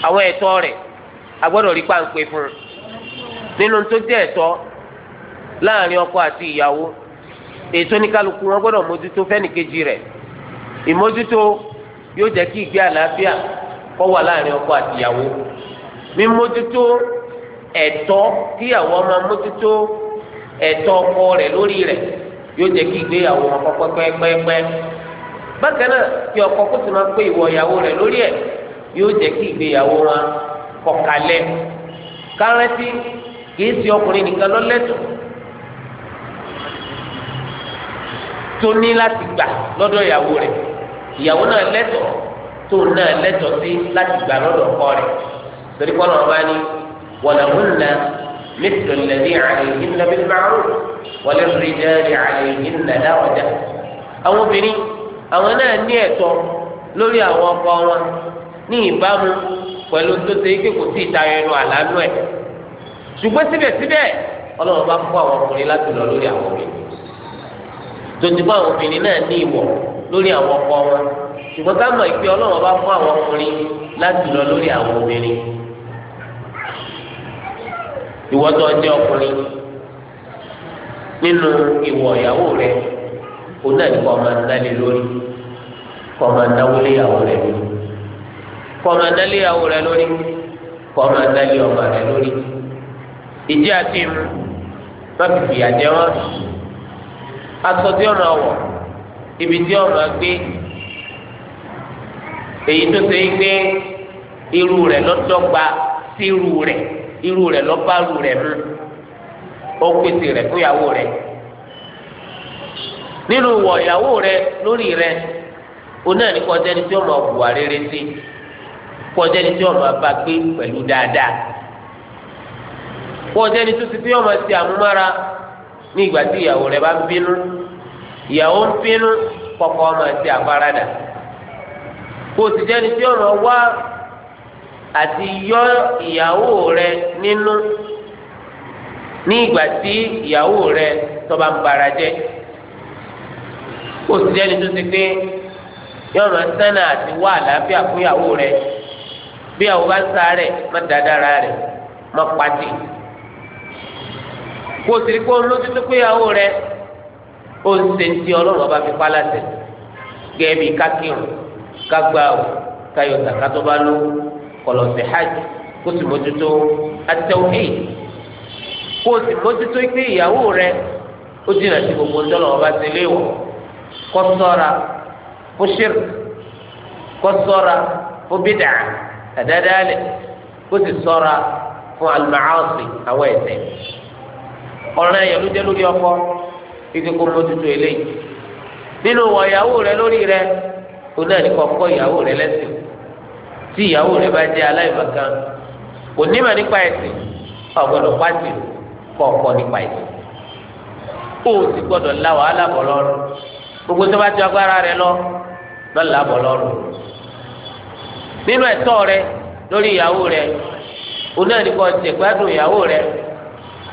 àwọn ẹ̀tọ́ rẹ̀ a gbọ́dọ̀ fún un nínú tó jẹ́ ẹ̀tọ́ láàrin ọkọ ètò oníkálukú wọn gbọdọ mójútó fẹ́nìkejì rẹ̀ ìmójútó yóò kí ìgbé àlàáfíà wà láàrin ọkọ kíyàwó ọmọ mójútó ọkọ rẹ̀ lórí rẹ̀ yóò jẹ́ kí ìgbéyàwó wọn kọ́kọ́ pẹ́ẹ́pẹ́ẹ́pẹ́ bákan náà kí ọkọ kó sì máa pé ìwọ ìyàwó rẹ̀ lórí ẹ̀ yóò kí ìgbéyàwó wọn kọ̀kalẹ̀ kárẹ́tì kìí ṣe ọkùnrin nìkan lọ́lẹ́tọ̀ọ́ tó ní láti gbà lọ́dọ̀ ìyàwó rẹ̀ ìyàwó náà lẹ́tọ̀ọ́ tó náà lẹ́tọ̀ọ́ sí láti gbà lọ́dọ̀ ọkọ rẹ̀ torí kọ́ náà bá ní walahunna mithlu alladhi alayhinna bil ma'ruf walirrijali alayhinna daraja àwọn obìnrin àwọn náà ní ẹ̀tọ́ lórí àwọn ọkọ wọn ní ìbámu pẹ̀lú tó ṣe ike kò sí ìtayọ ẹnu àlánú ẹ̀ ṣùgbọ́n síbẹ̀síbẹ̀ ọlọ́run bá fún àwọn ọkùnrin láti lọ lórí àwọn obìnrin tontigbọ àwọn obìnrin náà ní ìwọ lórí àwọn ọkọ wọn ṣùgbọ́n ká mọ̀ ìpè ọlọ́wọ́ bá fún àwọn ọkùnrin láti lọ lórí àwọn obìnrin ìwọ tó jẹ́ ọkùnrin nínú ìwọ ìyàwó rẹ kò náà ní kọ́ ọmọ nálé lórí kọ́ ọmọ náwó léyàwó rẹ lórí kọ́ ọmọ nálé ìyàwó rẹ lórí kọ́ ọmọ nálé ọmọ rẹ lórí ìdí àti ìmú má fi fìyà jẹ wọn. aṣọ tí ọmọ wọ ibi tí ọmọ gbé èyí tó ṣe é gbé irú rẹ̀ lọdọgba sí irú rẹ̀ irú rẹ̀ lọbàrú rẹ mú ó pèsè rẹ fún ìyàwó rẹ nínú wọ ìyàwó rẹ lórí rẹ̀ oná ní kọjá ní tí ọmọ bùwà rere sí kọjá tí ọmọ bá gbé dáadáa kọjá tó ti fi ọmọ ní ìgbà tí ìyàwó rẹ bá ń bínú ìyàwó ń bínú kọkọ máa ti àfaradà kò sì jẹ́ni tí ọ̀nà wá àti yọ ìyàwó rẹ nínú ní ìgbà tí ìyàwó rẹ tó bá ń bara jẹ́ kò sì jẹ́ni tó ti pé yọ̀ọ́ máa sánà àti wá àlàáfíà fún ìyàwó rẹ bí ìyàwó bá ń sáré má dáadáa rẹ má pàdé kó o sì rí kó o lójú tó pé ìyàwó rẹ ó ń ṣe ti ọlọ́run ọba fi pa láṣẹ gẹ́bí kákìrún kágbá o káyọ̀ sàkátọ́ bá ló kọlọ̀sẹ̀ hajj kó o sì mójútó at-tauhid kó o sì mójútó pé ìyàwó rẹ ó dìnnà sí gbogbo ńdọ́lọ́ ọba ti léwọ̀ kó sọ́ra fún ṣírk kó sọ́ra fún bídà àdáadáa lẹ̀ kó sì sọ́ra fún al-ma'asi àwọn ẹ̀ṣẹ̀ ọ̀ràn ẹ̀yàn ló jẹ́ lórí ọkọ kíkẹ́ kó mójútó eléyìí nínú wọ ìyàwó rẹ lórí rẹ kó náà ní kọ́kọ́ ìyàwó rẹ lẹ́sìn tí ìyàwó rẹ bá jẹ́ aláìmọ̀kan kò nímọ̀ nípa ẹ̀sìn ọ̀gbọ́dọ̀ pàṣẹ kọ̀ọ̀kọ̀ nípa ẹ̀sìn kó o sì gbọ́dọ̀ la wàhálà bọ̀ lọ́rùn gbogbo tó bá ju agbára rẹ lọ lọ́la bọ̀ lọ́rùn nínú ẹ̀tọ́ rẹ lórí ìyàwó rẹ òun náà ní kọ́ jẹ̀gbádùn ìyàwó rẹ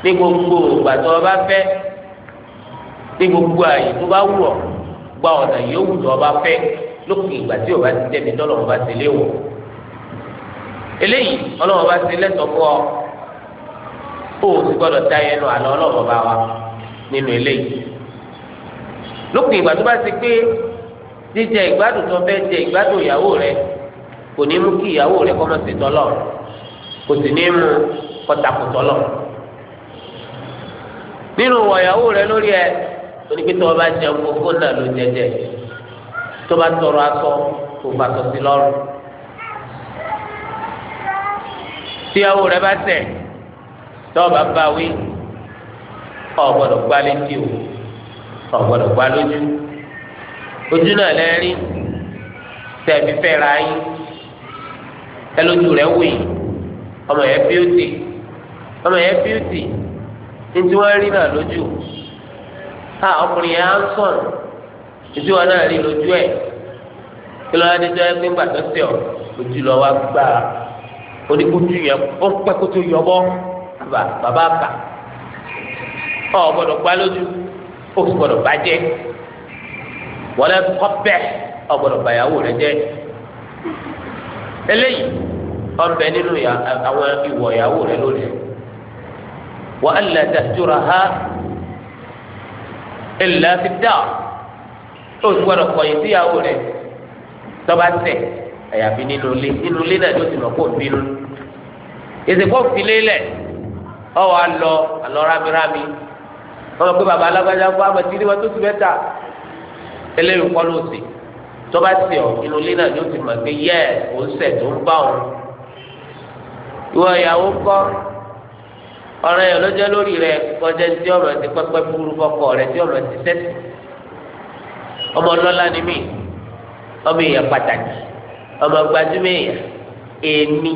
ní gbogbo ìgbà tó o bá fẹ́ ní gbogbo àyè tó bá wù ọ́ gba ọ̀nà yòówù tó o bá fẹ́ lókè ìgbà tí o bá ti tẹ̀mí tọ́lọ̀ o bá ti lé wọ̀ eléyìí ọlọ́wọ́ bá ti lẹ́tọ̀ọ́ fún ọ o ò sì gbọ́dọ̀ ta ẹnu àlọ́ ọlọ́wọ́ bá wa nínú eléyìí lókè ìgbà tó bá ti pé jíjẹ ìgbádùn tó fẹ́ jẹ ìgbádùn ìyàwó rẹ kò ní mú kí ìyàwó rẹ kọ́ sí tọ́lọ̀ kò sì ní mú kọ́takùtọ́lọ̀ nínú wọ̀yàwó rẹ lórí ẹ onígbé tó o bá jẹun gbogbo náà ló jẹjẹ tó bá tọrọ aṣọ tó bá tọ sí lọ́rùn tíyàwó rẹ bá tẹ tó o bá bá wí ọ gbọ́dọ̀ gbá létí o ọ gbọ́dọ̀ gbá lójú ojú náà lẹ́rìí tẹ̀mí fẹ́ ra yín ẹlójú rẹ̀ wò yín ọmọ yẹn bíútì ọmọ yẹn bíútì ntí wọn rí náà lójú a ọkùnrin yẹn á ń sọ̀n ntí wọn náà rí lójú ẹ kí ló wá dé tó yẹ pé gbàtọ tẹ ọ ojú lọ wá gbà oníkótó yẹn ó ń pẹ kótó yọ bọ bàbá bà ọ gbọ́dọ̀ gbá lójú ó sì gbọ́dọ̀ bàjẹ́ wọlé kọbẹ ọ gbọ́dọ̀ bàyàwó rẹ jẹ́ eléyìí ọbẹ nínú àwọn ìwọ ìyàwó rẹ lónìí. وألا تهجرها إلا في الدار أسوار قويتي أولي طبعا سي أيا في نينو لي نينو لي نادو تنقو بينو إذا كنت في ليلة أو ألو ألو رامي رامي ọmọ pé baba alágbájá fún amatiri wa tó ti bẹ́ẹ̀ ta eléyìí kọ́ ló sì tọ́ba sì ọ inú ilé náà yóò ti mọ̀ pé yẹ òun sẹ̀ tó ń bá òun ìwọ ìyàwó kọ́ ọ̀ràn yẹn lọ́jọ́ lórí rẹ kọjá tí ọ̀rọ̀ ti pẹ́pẹ́ búburú kọkọ rẹ tí ọ̀rọ̀ ti sẹ́tì ọmọ ọlọ́lá ni mí ọmọ èèyàn pàtàkì ọmọ gbajúmọ̀ èèyàn èmi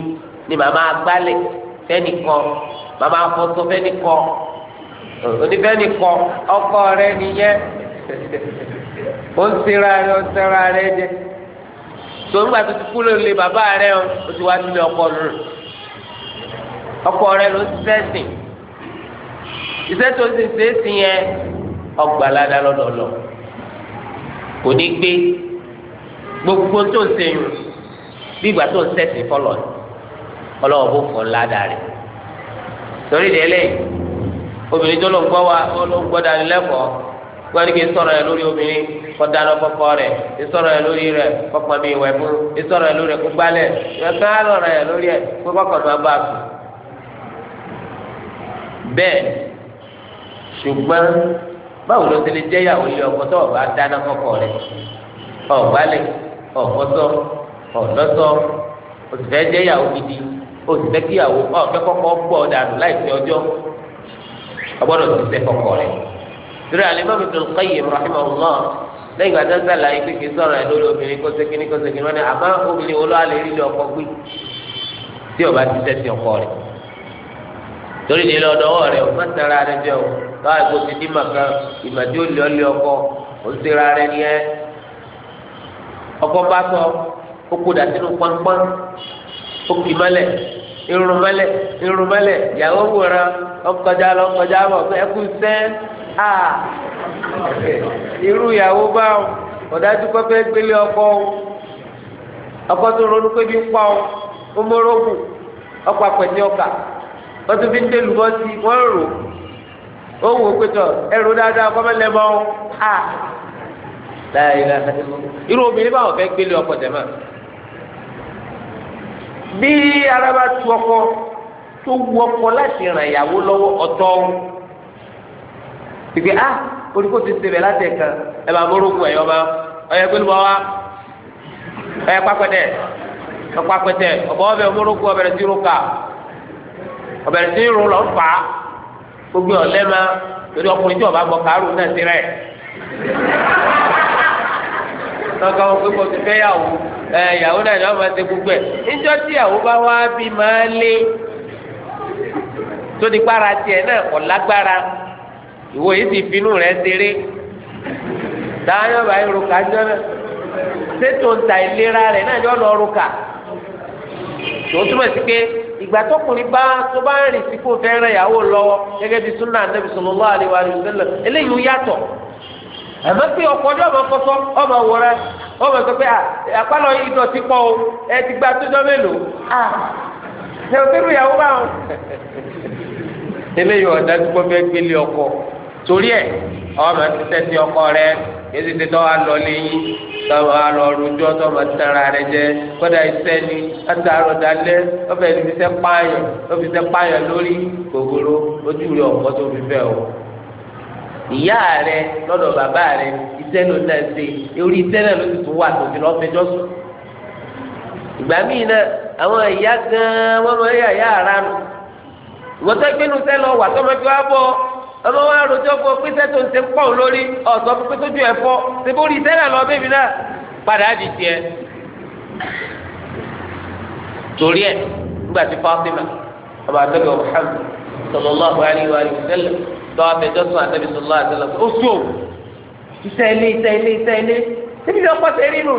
ni màmá agbálẹ̀ fẹ́nìkan màmá afọ́tò fẹ́nìkan onífẹ́nìkan ọkọ rẹ nìyẹn ó ń sera rẹ ó ń sera rẹ jẹ tòun gbàtú ti kú lórí bàbá rẹ o ti wá sílé ọkọ rẹ. ọkọ rẹ ló ti sẹ́sìn iṣẹ́ tó ti sẹ́sìn yẹn ọgbàládà kò ní gbogbo tó bí ìgbà tó ń ọlọ́wọ́ bó ládàá torí obìnrin tó gbọ́ wa ló gbọ́ dání lẹ́kọ̀ọ́ wọ́n ní kí n sọ̀rọ̀ yẹn lórí obìnrin kọ́ dáná kọ́kọ́ rẹ̀ sọ̀rọ̀ yẹn lórí rẹ̀ kọ́ pọ̀ ìwẹ̀ fún sọ̀rọ̀ yẹn lórí rẹ̀ kó gbálẹ̀ sọ̀rọ̀ yẹn lórí kó bẹ́ẹ̀ ṣùgbọ́n báwo ló ti lè jẹ́ ìyàwó ilé ọkọ tó ọba dáná kọ́kọ́ rẹ̀ ọ̀gbálẹ̀ ọ̀fọ́sọ́ ọ̀lọ́sọ́ òsìfẹ́ jẹ́ ìyàwó gidi òsìfẹ́ kí ìyàwó ọ̀fẹ́ kọ́kọ́ gbọ́ dànù láìpẹ́ ọjọ́ ọgbọ́dọ̀ ti sẹ́ kọ́kọ́ rẹ̀ torí alimami tó ń kọ́yè rahimahullah lẹ́yìn ìgbà tó ń sàlàyé kékeré sọ̀rọ̀ ẹ̀ lórí obìnrin kó sékìní kó sékìní wọn ni àmọ́ obìnrin wo ló alẹ́ rí lé ọkọ gbé tí ọba ti sẹ́ ti ọkọ rẹ̀ torí ní ilé ọdọwọ rẹ o máa rẹ jẹ o báwa kò ti di màkà ìmàdí olè ọkọ o ti ra rẹ ni ẹ ọkọ bá sọ ó kó dàtí pọnpọn kì irun mẹlẹ irun mẹlẹ ọkọjá lọ bọ ẹkú sẹ a irú ìyàwó bá ọ̀dájú kọ́ fẹ́ gbélé ọkọ ọkọ tó ronú pé bí ń pa wọ́n tún fi ń dé lùbọ́ sí i wọ́n rò ó wò ó pé tọ̀ ẹrù dáadáa kọ́ mẹ́lẹ́ mọ́ ọ́n à láìla irú obìnrin báwọn fẹ́ gbélé ọkọ tẹ̀mọ́ bí ara tu ọkọ tó wu ọkọ láti ràn ìyàwó lọ́wọ́ ọ̀tọ̀ pèpè a olùkó ti ṣe bẹ̀ láti ẹ̀kan ẹ̀ bá mọ́rọ́kù ẹ̀yọ́ bá ọ̀yẹ́ pẹ̀lú bá wa ọ̀yẹ́ pápẹ́tẹ̀ ọ̀pápẹ́tẹ̀ ọ̀bọ̀ ọbẹ̀ mọ́rọ́kù ọbẹ̀ rẹ̀ ti ọ̀bẹ̀rẹ̀ sí irun lọ fà á gbogbo ọ̀lẹ́ ma torí ọkùnrin tí ọba gbọ́ kàárù náà ti rẹ̀ lọ́kọ́ wọn pé kò ti fẹ́ yàwó ẹ yàwó náà ni wọ́n máa ṣe gbogbo ẹ̀ níjọ́ tí yàwó bá wá bí máa lé tó di gbára tiẹ̀ náà kò lágbára ìwọ yìí ti finú rẹ̀ ṣeré dáhùn yóò bá yín ruka jọ náà ṣètò ntà ìlera rẹ̀ náà yọ lọ ruka tó túmọ̀ sí pé ìgbà tọkùnrin bá tó bá rìn sí kó fẹ́ rẹ̀ yàwó lọ́wọ́ gẹ́gẹ́ bí súnà ànábì sallallahu alaihi wa sallam eléyìí ó yàtọ̀ àmọ́ pé ọkọ̀ ọjọ́ ọmọ kọ́sọ́ ọmọ wòrẹ́ ọmọ sọ pé àpálọ̀ ìdọ̀tí pọ̀ o ẹ ti gba tó jọ mélòó ṣe o tẹ́lu ìyàwó bá wọn. eléyìí ọ̀dà tó gbọ́ fẹ́ gbélé ọkọ̀ torí ẹ̀ ọmọ ti tẹ́tí ọkọ rẹ̀ èsì ti tọ́ wa lọ léyìn tọ́ wa lọ rojọ́ tọ́ ma tẹ́ra rẹ jẹ kọ́dà iṣẹ́ ni láti àárọ̀ dalẹ́ ọbẹ̀ ní fisẹ́ pààyàn ọfisẹ́ pààyàn lórí gbogbooro ojú rẹ ọ̀pọ̀ tó fi fẹ́ o. ìyá rẹ lọ́dọ̀ bàbá rẹ iṣẹ́ ló náà ṣe orí iṣẹ́ náà ló ti tún wà tó ti lọ́ fẹjọ́ sùn. ìgbà míì náà àwọn ìyá gan-an wọ́n máa ń yà yà ara nù. ìwọ́sẹ̀ gbẹ́nu sẹ́ ọmọ wa rojọ́ fún ọ pé sẹ́tò ń ṣe pọ̀ lórí ọ̀sọ́ fún pé tójú ẹ̀ fọ́ ṣèbó rí sẹ́rẹ̀ lọ bébí náà padà di tiẹ̀. torí ẹ̀ nígbà tí Fatima ọba àtẹ́gbẹ̀ Muhammad sallallahu alaihi wa sallam lọ́wọ́ abẹ́jọ́ sùn àtẹ́bí sallallahu alaihi wa sallam ó sùn ìsẹ́lé ìsẹ́lé ìsẹ́lé níbi tí ọkọ̀ sẹ́rí nù.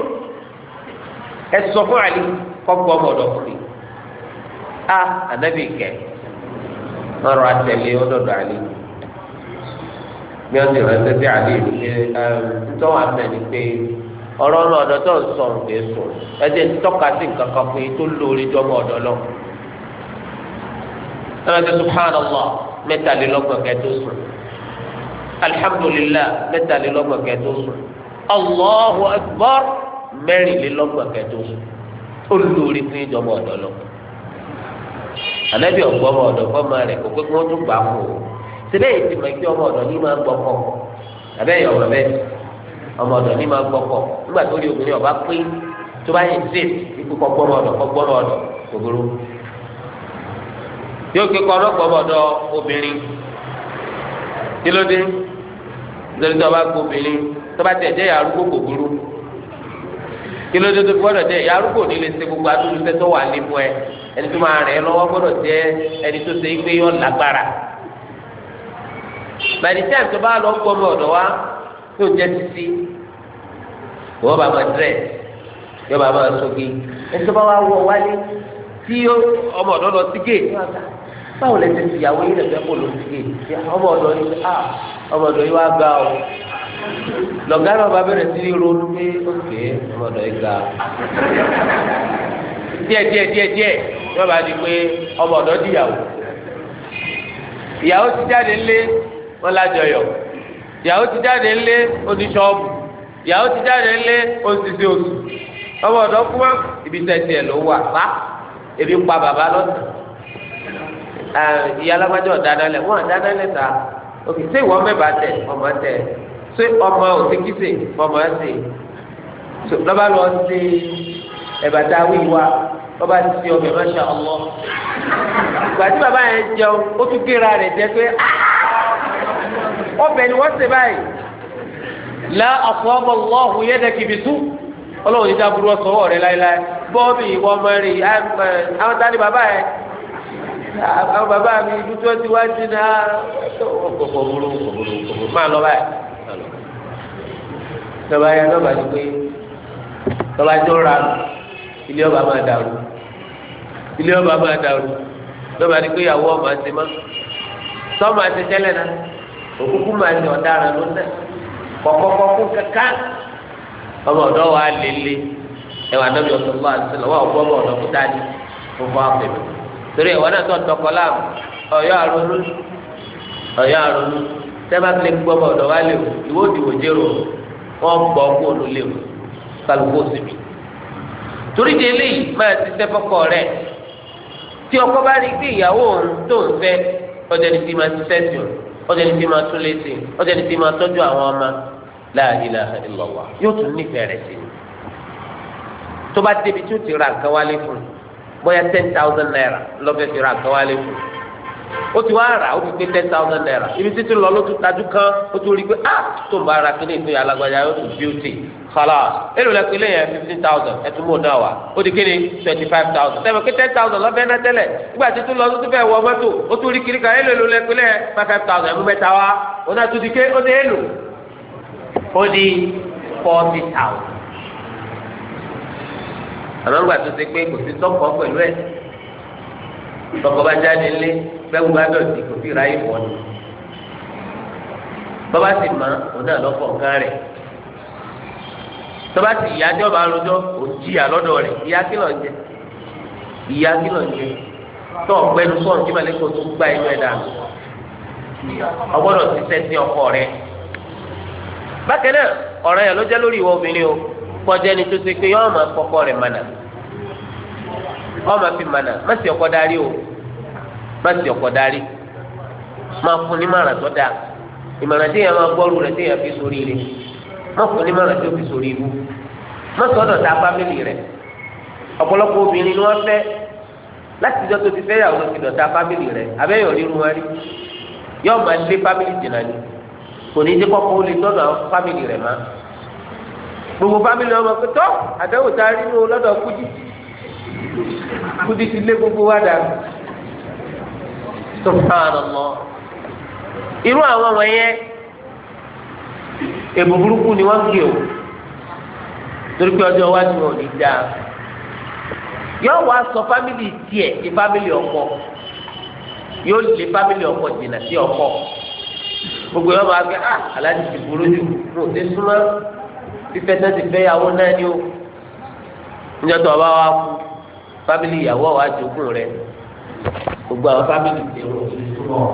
ẹ sọ fún àlè kọ́kọ́ ọmọdọ̀ fún mi. a ah, bí wọ́n ti rántí sí àlẹ́ ìlú pé tọ́ wà mẹ́ ni pé ọ̀rọ̀ ọ̀nà ọ̀dọ́ tó ń sọ òǹdè sùn ẹ̀jẹ̀ tọ́ka sí nǹkan kan pé tó lórí jọmọ ọ̀dọ́ lọ. ẹ̀rọ ti subhanallah mẹ́tàlélọ́gbọ̀n kẹ́ tó sùn alhamdulillah mẹ́tàlélọ́gbọ̀n kẹ́ tó sùn allahu akbar mẹ́rìnlélọ́gbọ̀n kẹ́ tó sùn ó lórí fún ìjọmọ ọ̀dọ́ lọ. ànábì ọ̀gbọ́n ọ̀dọ́ fọ́ọ̀mà rẹ̀ síbẹ̀ èyí ti mọ̀ pé ọmọ ọ̀dọ̀ ní máa ń gbọ́kọ̀ àbẹ́ yọ̀ ọmọ bẹ́ẹ̀ ọmọ ọ̀dọ̀ ní máa ń gbọ́kọ̀ nígbà tó rí obìnrin ọba pé tó bá yẹn ikú kọ́ ọ̀dọ̀ kọ́ ọ̀dọ̀ gbogbo yóò ké kọ́ ọ̀dọ̀ obìnrin kí ló dé nítorí tó bá gbọ́ obìnrin tó bá tẹ̀ jẹ́ yàrúgbó gbogbo kí ló dé tó gbọ́dọ̀ jẹ́ ṣe gbogbo tó wà bàtí tí àti ọba lọ gbọ́ ọmọ ọ̀dọ̀ wa yóò jẹ́ títí wọ́n bá máa dírẹ̀ yóò bá máa sọ́gi ẹ̀sọ́ bá wa wọ wálé tí ọmọ ọ̀dọ̀ lọ sí géè báwo lẹ́sẹ̀ ti ìyàwó yìí lẹ́sẹ̀ kò lọ sí géè ọmọ ọ̀dọ̀ yìí a ah, ọmọ ọ̀dọ̀ yìí wá gbà o lọ̀gá náà bá bẹ̀rẹ̀ sí ronú pé ókè ọmọ ọ̀dọ̀ yìí gbà díẹ̀ díẹ̀ díẹ̀ díẹ̀ yóò bá di pé ọmọ ọ̀dọ̀ di ìyàwó ìyàwó ti jáde lé wọn lájọyọ̀ ìyàwó ti jáde ńlé odi ṣọ́ọ̀bù ìyàwó ti jáde ńlé osisi oṣù ọmọ ọ̀dọ́ kú mọ́ ibi tẹ̀sí ẹ̀ ló wà bá ebi ń pa bàbá lọ́sàn-án ìyá alágbájọ́ ọ̀dádálẹ̀ wọ́n àdádálẹ̀ ta òkè sí ìwọ mẹ́bàá tẹ̀ ọmọ tẹ̀ sí ọmọ òsíkísè ọmọ ẹ̀sìn lọ́ba lọ sí ẹ̀bà tá a wí wa lọ́ba ti fi ọbẹ̀ máṣá ọmọ ìgbà tí bàbá yẹn jẹun ó tún kéra rẹ̀ jẹ pé áá. Ah! ọbẹ̀ ni wọ́n ṣe báyìí la àfọwọ́bọ̀ lọ́hùn yẹ́ dẹ́kì bí tú ọlọ́run yìí dábúrú ọ̀sọ́wọ́ rẹ láéláé bọ́ọ̀bì ìwọ ọmọ rẹ àwọn tani bàbá yẹ àwọn bàbá mi ibi tí wọ́n ti wá sí náà kòkòrò kòkòrò kòkòrò máa lọ báyìí lọ́ba yẹn lọ́ba ti pé lọ́ba tó ra ilé ọba máa dàrú lọ́ba ti pé ìyàwó ọba ti mọ́ sọ́ọ́ máa ti tẹ́lẹ̀ náà òkúkú máa ń ní ọ̀daràn ló tẹ̀ kọ̀kọ́kọ́kú kẹ́kẹ́ ọmọ ọ̀dọ́ wa lélẹ̀ ẹ̀wà nàbí ọ̀sán bá a sọ̀rọ̀ wà ọ̀gbọ́n ọ̀dọ́ kú dání fúnfún àpèmí torí ẹ̀wà náà tó ń tọkọ láàmú ọ̀yọ́ àròlú ọ̀yọ́ àròlú sẹ́fà tilẹ̀ gbọ́ ọmọ ọ̀dọ́ wa léwu ìwé òdìwò jérò wọ́n gbọ́ kó olú léwu kálukó ọjọ́ ní fi máa tún létí ọjọ́ ní fi máa tọ́jú àwọn ọmọ la ilaha illallah yóò tún nífẹ̀ẹ́ rẹ̀ sí i tó bá débi tí ó ti ra nǹkan wálé fún bóyá ten thousand naira lọ́fẹ́ ti ra nǹkan wálé fún ó ti wá rà ó ti gbé ten thousand naira ibi títí lọ ló tún tajú kán ó tún rí i pé ah tó ń bá ara kí ní alágbájá yóò tún bíútì khalas èrò lẹ pé lẹ́yìn fifteen thousand ẹ tún mú un náà wá ó di kíni twenty five thousand sẹ́wọ̀n kí ten thousand lọ́fẹ́ náà tẹ́lẹ̀ nígbà tí tún lọ tó tún fẹ́ wọ mọ́tò ó tún rí kiri kan èrò èlò lẹ pé lẹ́yìn five five thousand ẹ̀mú mẹ́ta wá ó náà tún di ké ó di èlò ó di forty thousand. àmọ́ nígbà tó ṣe pé kò sí tọ́kọ̀ pẹ̀lú ẹ̀ tọkọ bá jáde lé bẹ́ẹ̀ bá dọ̀tí kò sí tọ́ba ti ìyá tí ọba lọ́jọ́ òun jìyà lọ́dọ̀ rẹ̀ ìyá kí lọ jẹ ìyá kí lọ jẹ tó ọ̀gbẹ́ni sọ̀rọ̀ kí màlẹ́ kó tó gbá inú ẹ̀ dànù ọgbọ́dọ̀ ti sẹ́sí ọkọ rẹ̀ bákan náà ọ̀rọ̀ yẹn ló jẹ́ lórí ìwọ obìnrin o kọjá ẹni tó ṣe pé yọ́n máa fọkọ rẹ̀ mànà wọ́n máa fi mànà má sì ọkọ o má sì ọkọ darí máa fún ní màrà tó dáa mọ́fún ní mọ́ràn tó fi sórí ibú mọ́sọ̀ ọ̀dọ̀ ta fámìlì rẹ̀ ọ̀pọ̀lọpọ̀ obìnrin ni wọ́n fẹ́ láti ìjọ tó ti fẹ́ yàwó ti dọ̀ta fámìlì rẹ̀ abẹ́yọ̀ ríru wọn rí yóò máa lé fámìlì jìnnà ni kò ní í dé kọ́kọ́ ó lè tọ́nà fámìlì rẹ̀ má gbogbo fámìlì ọmọ pé tọ́ àdéhùn ta rí nu lọ́dọ̀ kúdì kúdì ti lé gbogbo wa dà subhanallah irú àwọn wọ̀nyẹn èbù burúkú ni wọ́n kì o torí pé ọjọ́ iwájú wọn ò ní dáa yóò wá sọ fámìlì tiẹ̀ di fámìlì ọkọ yóò lé fámìlì ọkọ jìnnà sí ọkọ gbogbo yóò máa gbé ah aláàjì ti burú jù ló ti súnmọ́ fífẹ́ náà ti fẹ́ yàwó náà ni o níjọ́ tó o bá wá kú fámìlì ìyàwó wa jogún rẹ gbogbo àwọn fámìlì tiẹ̀ wọ́n ti súnmọ́.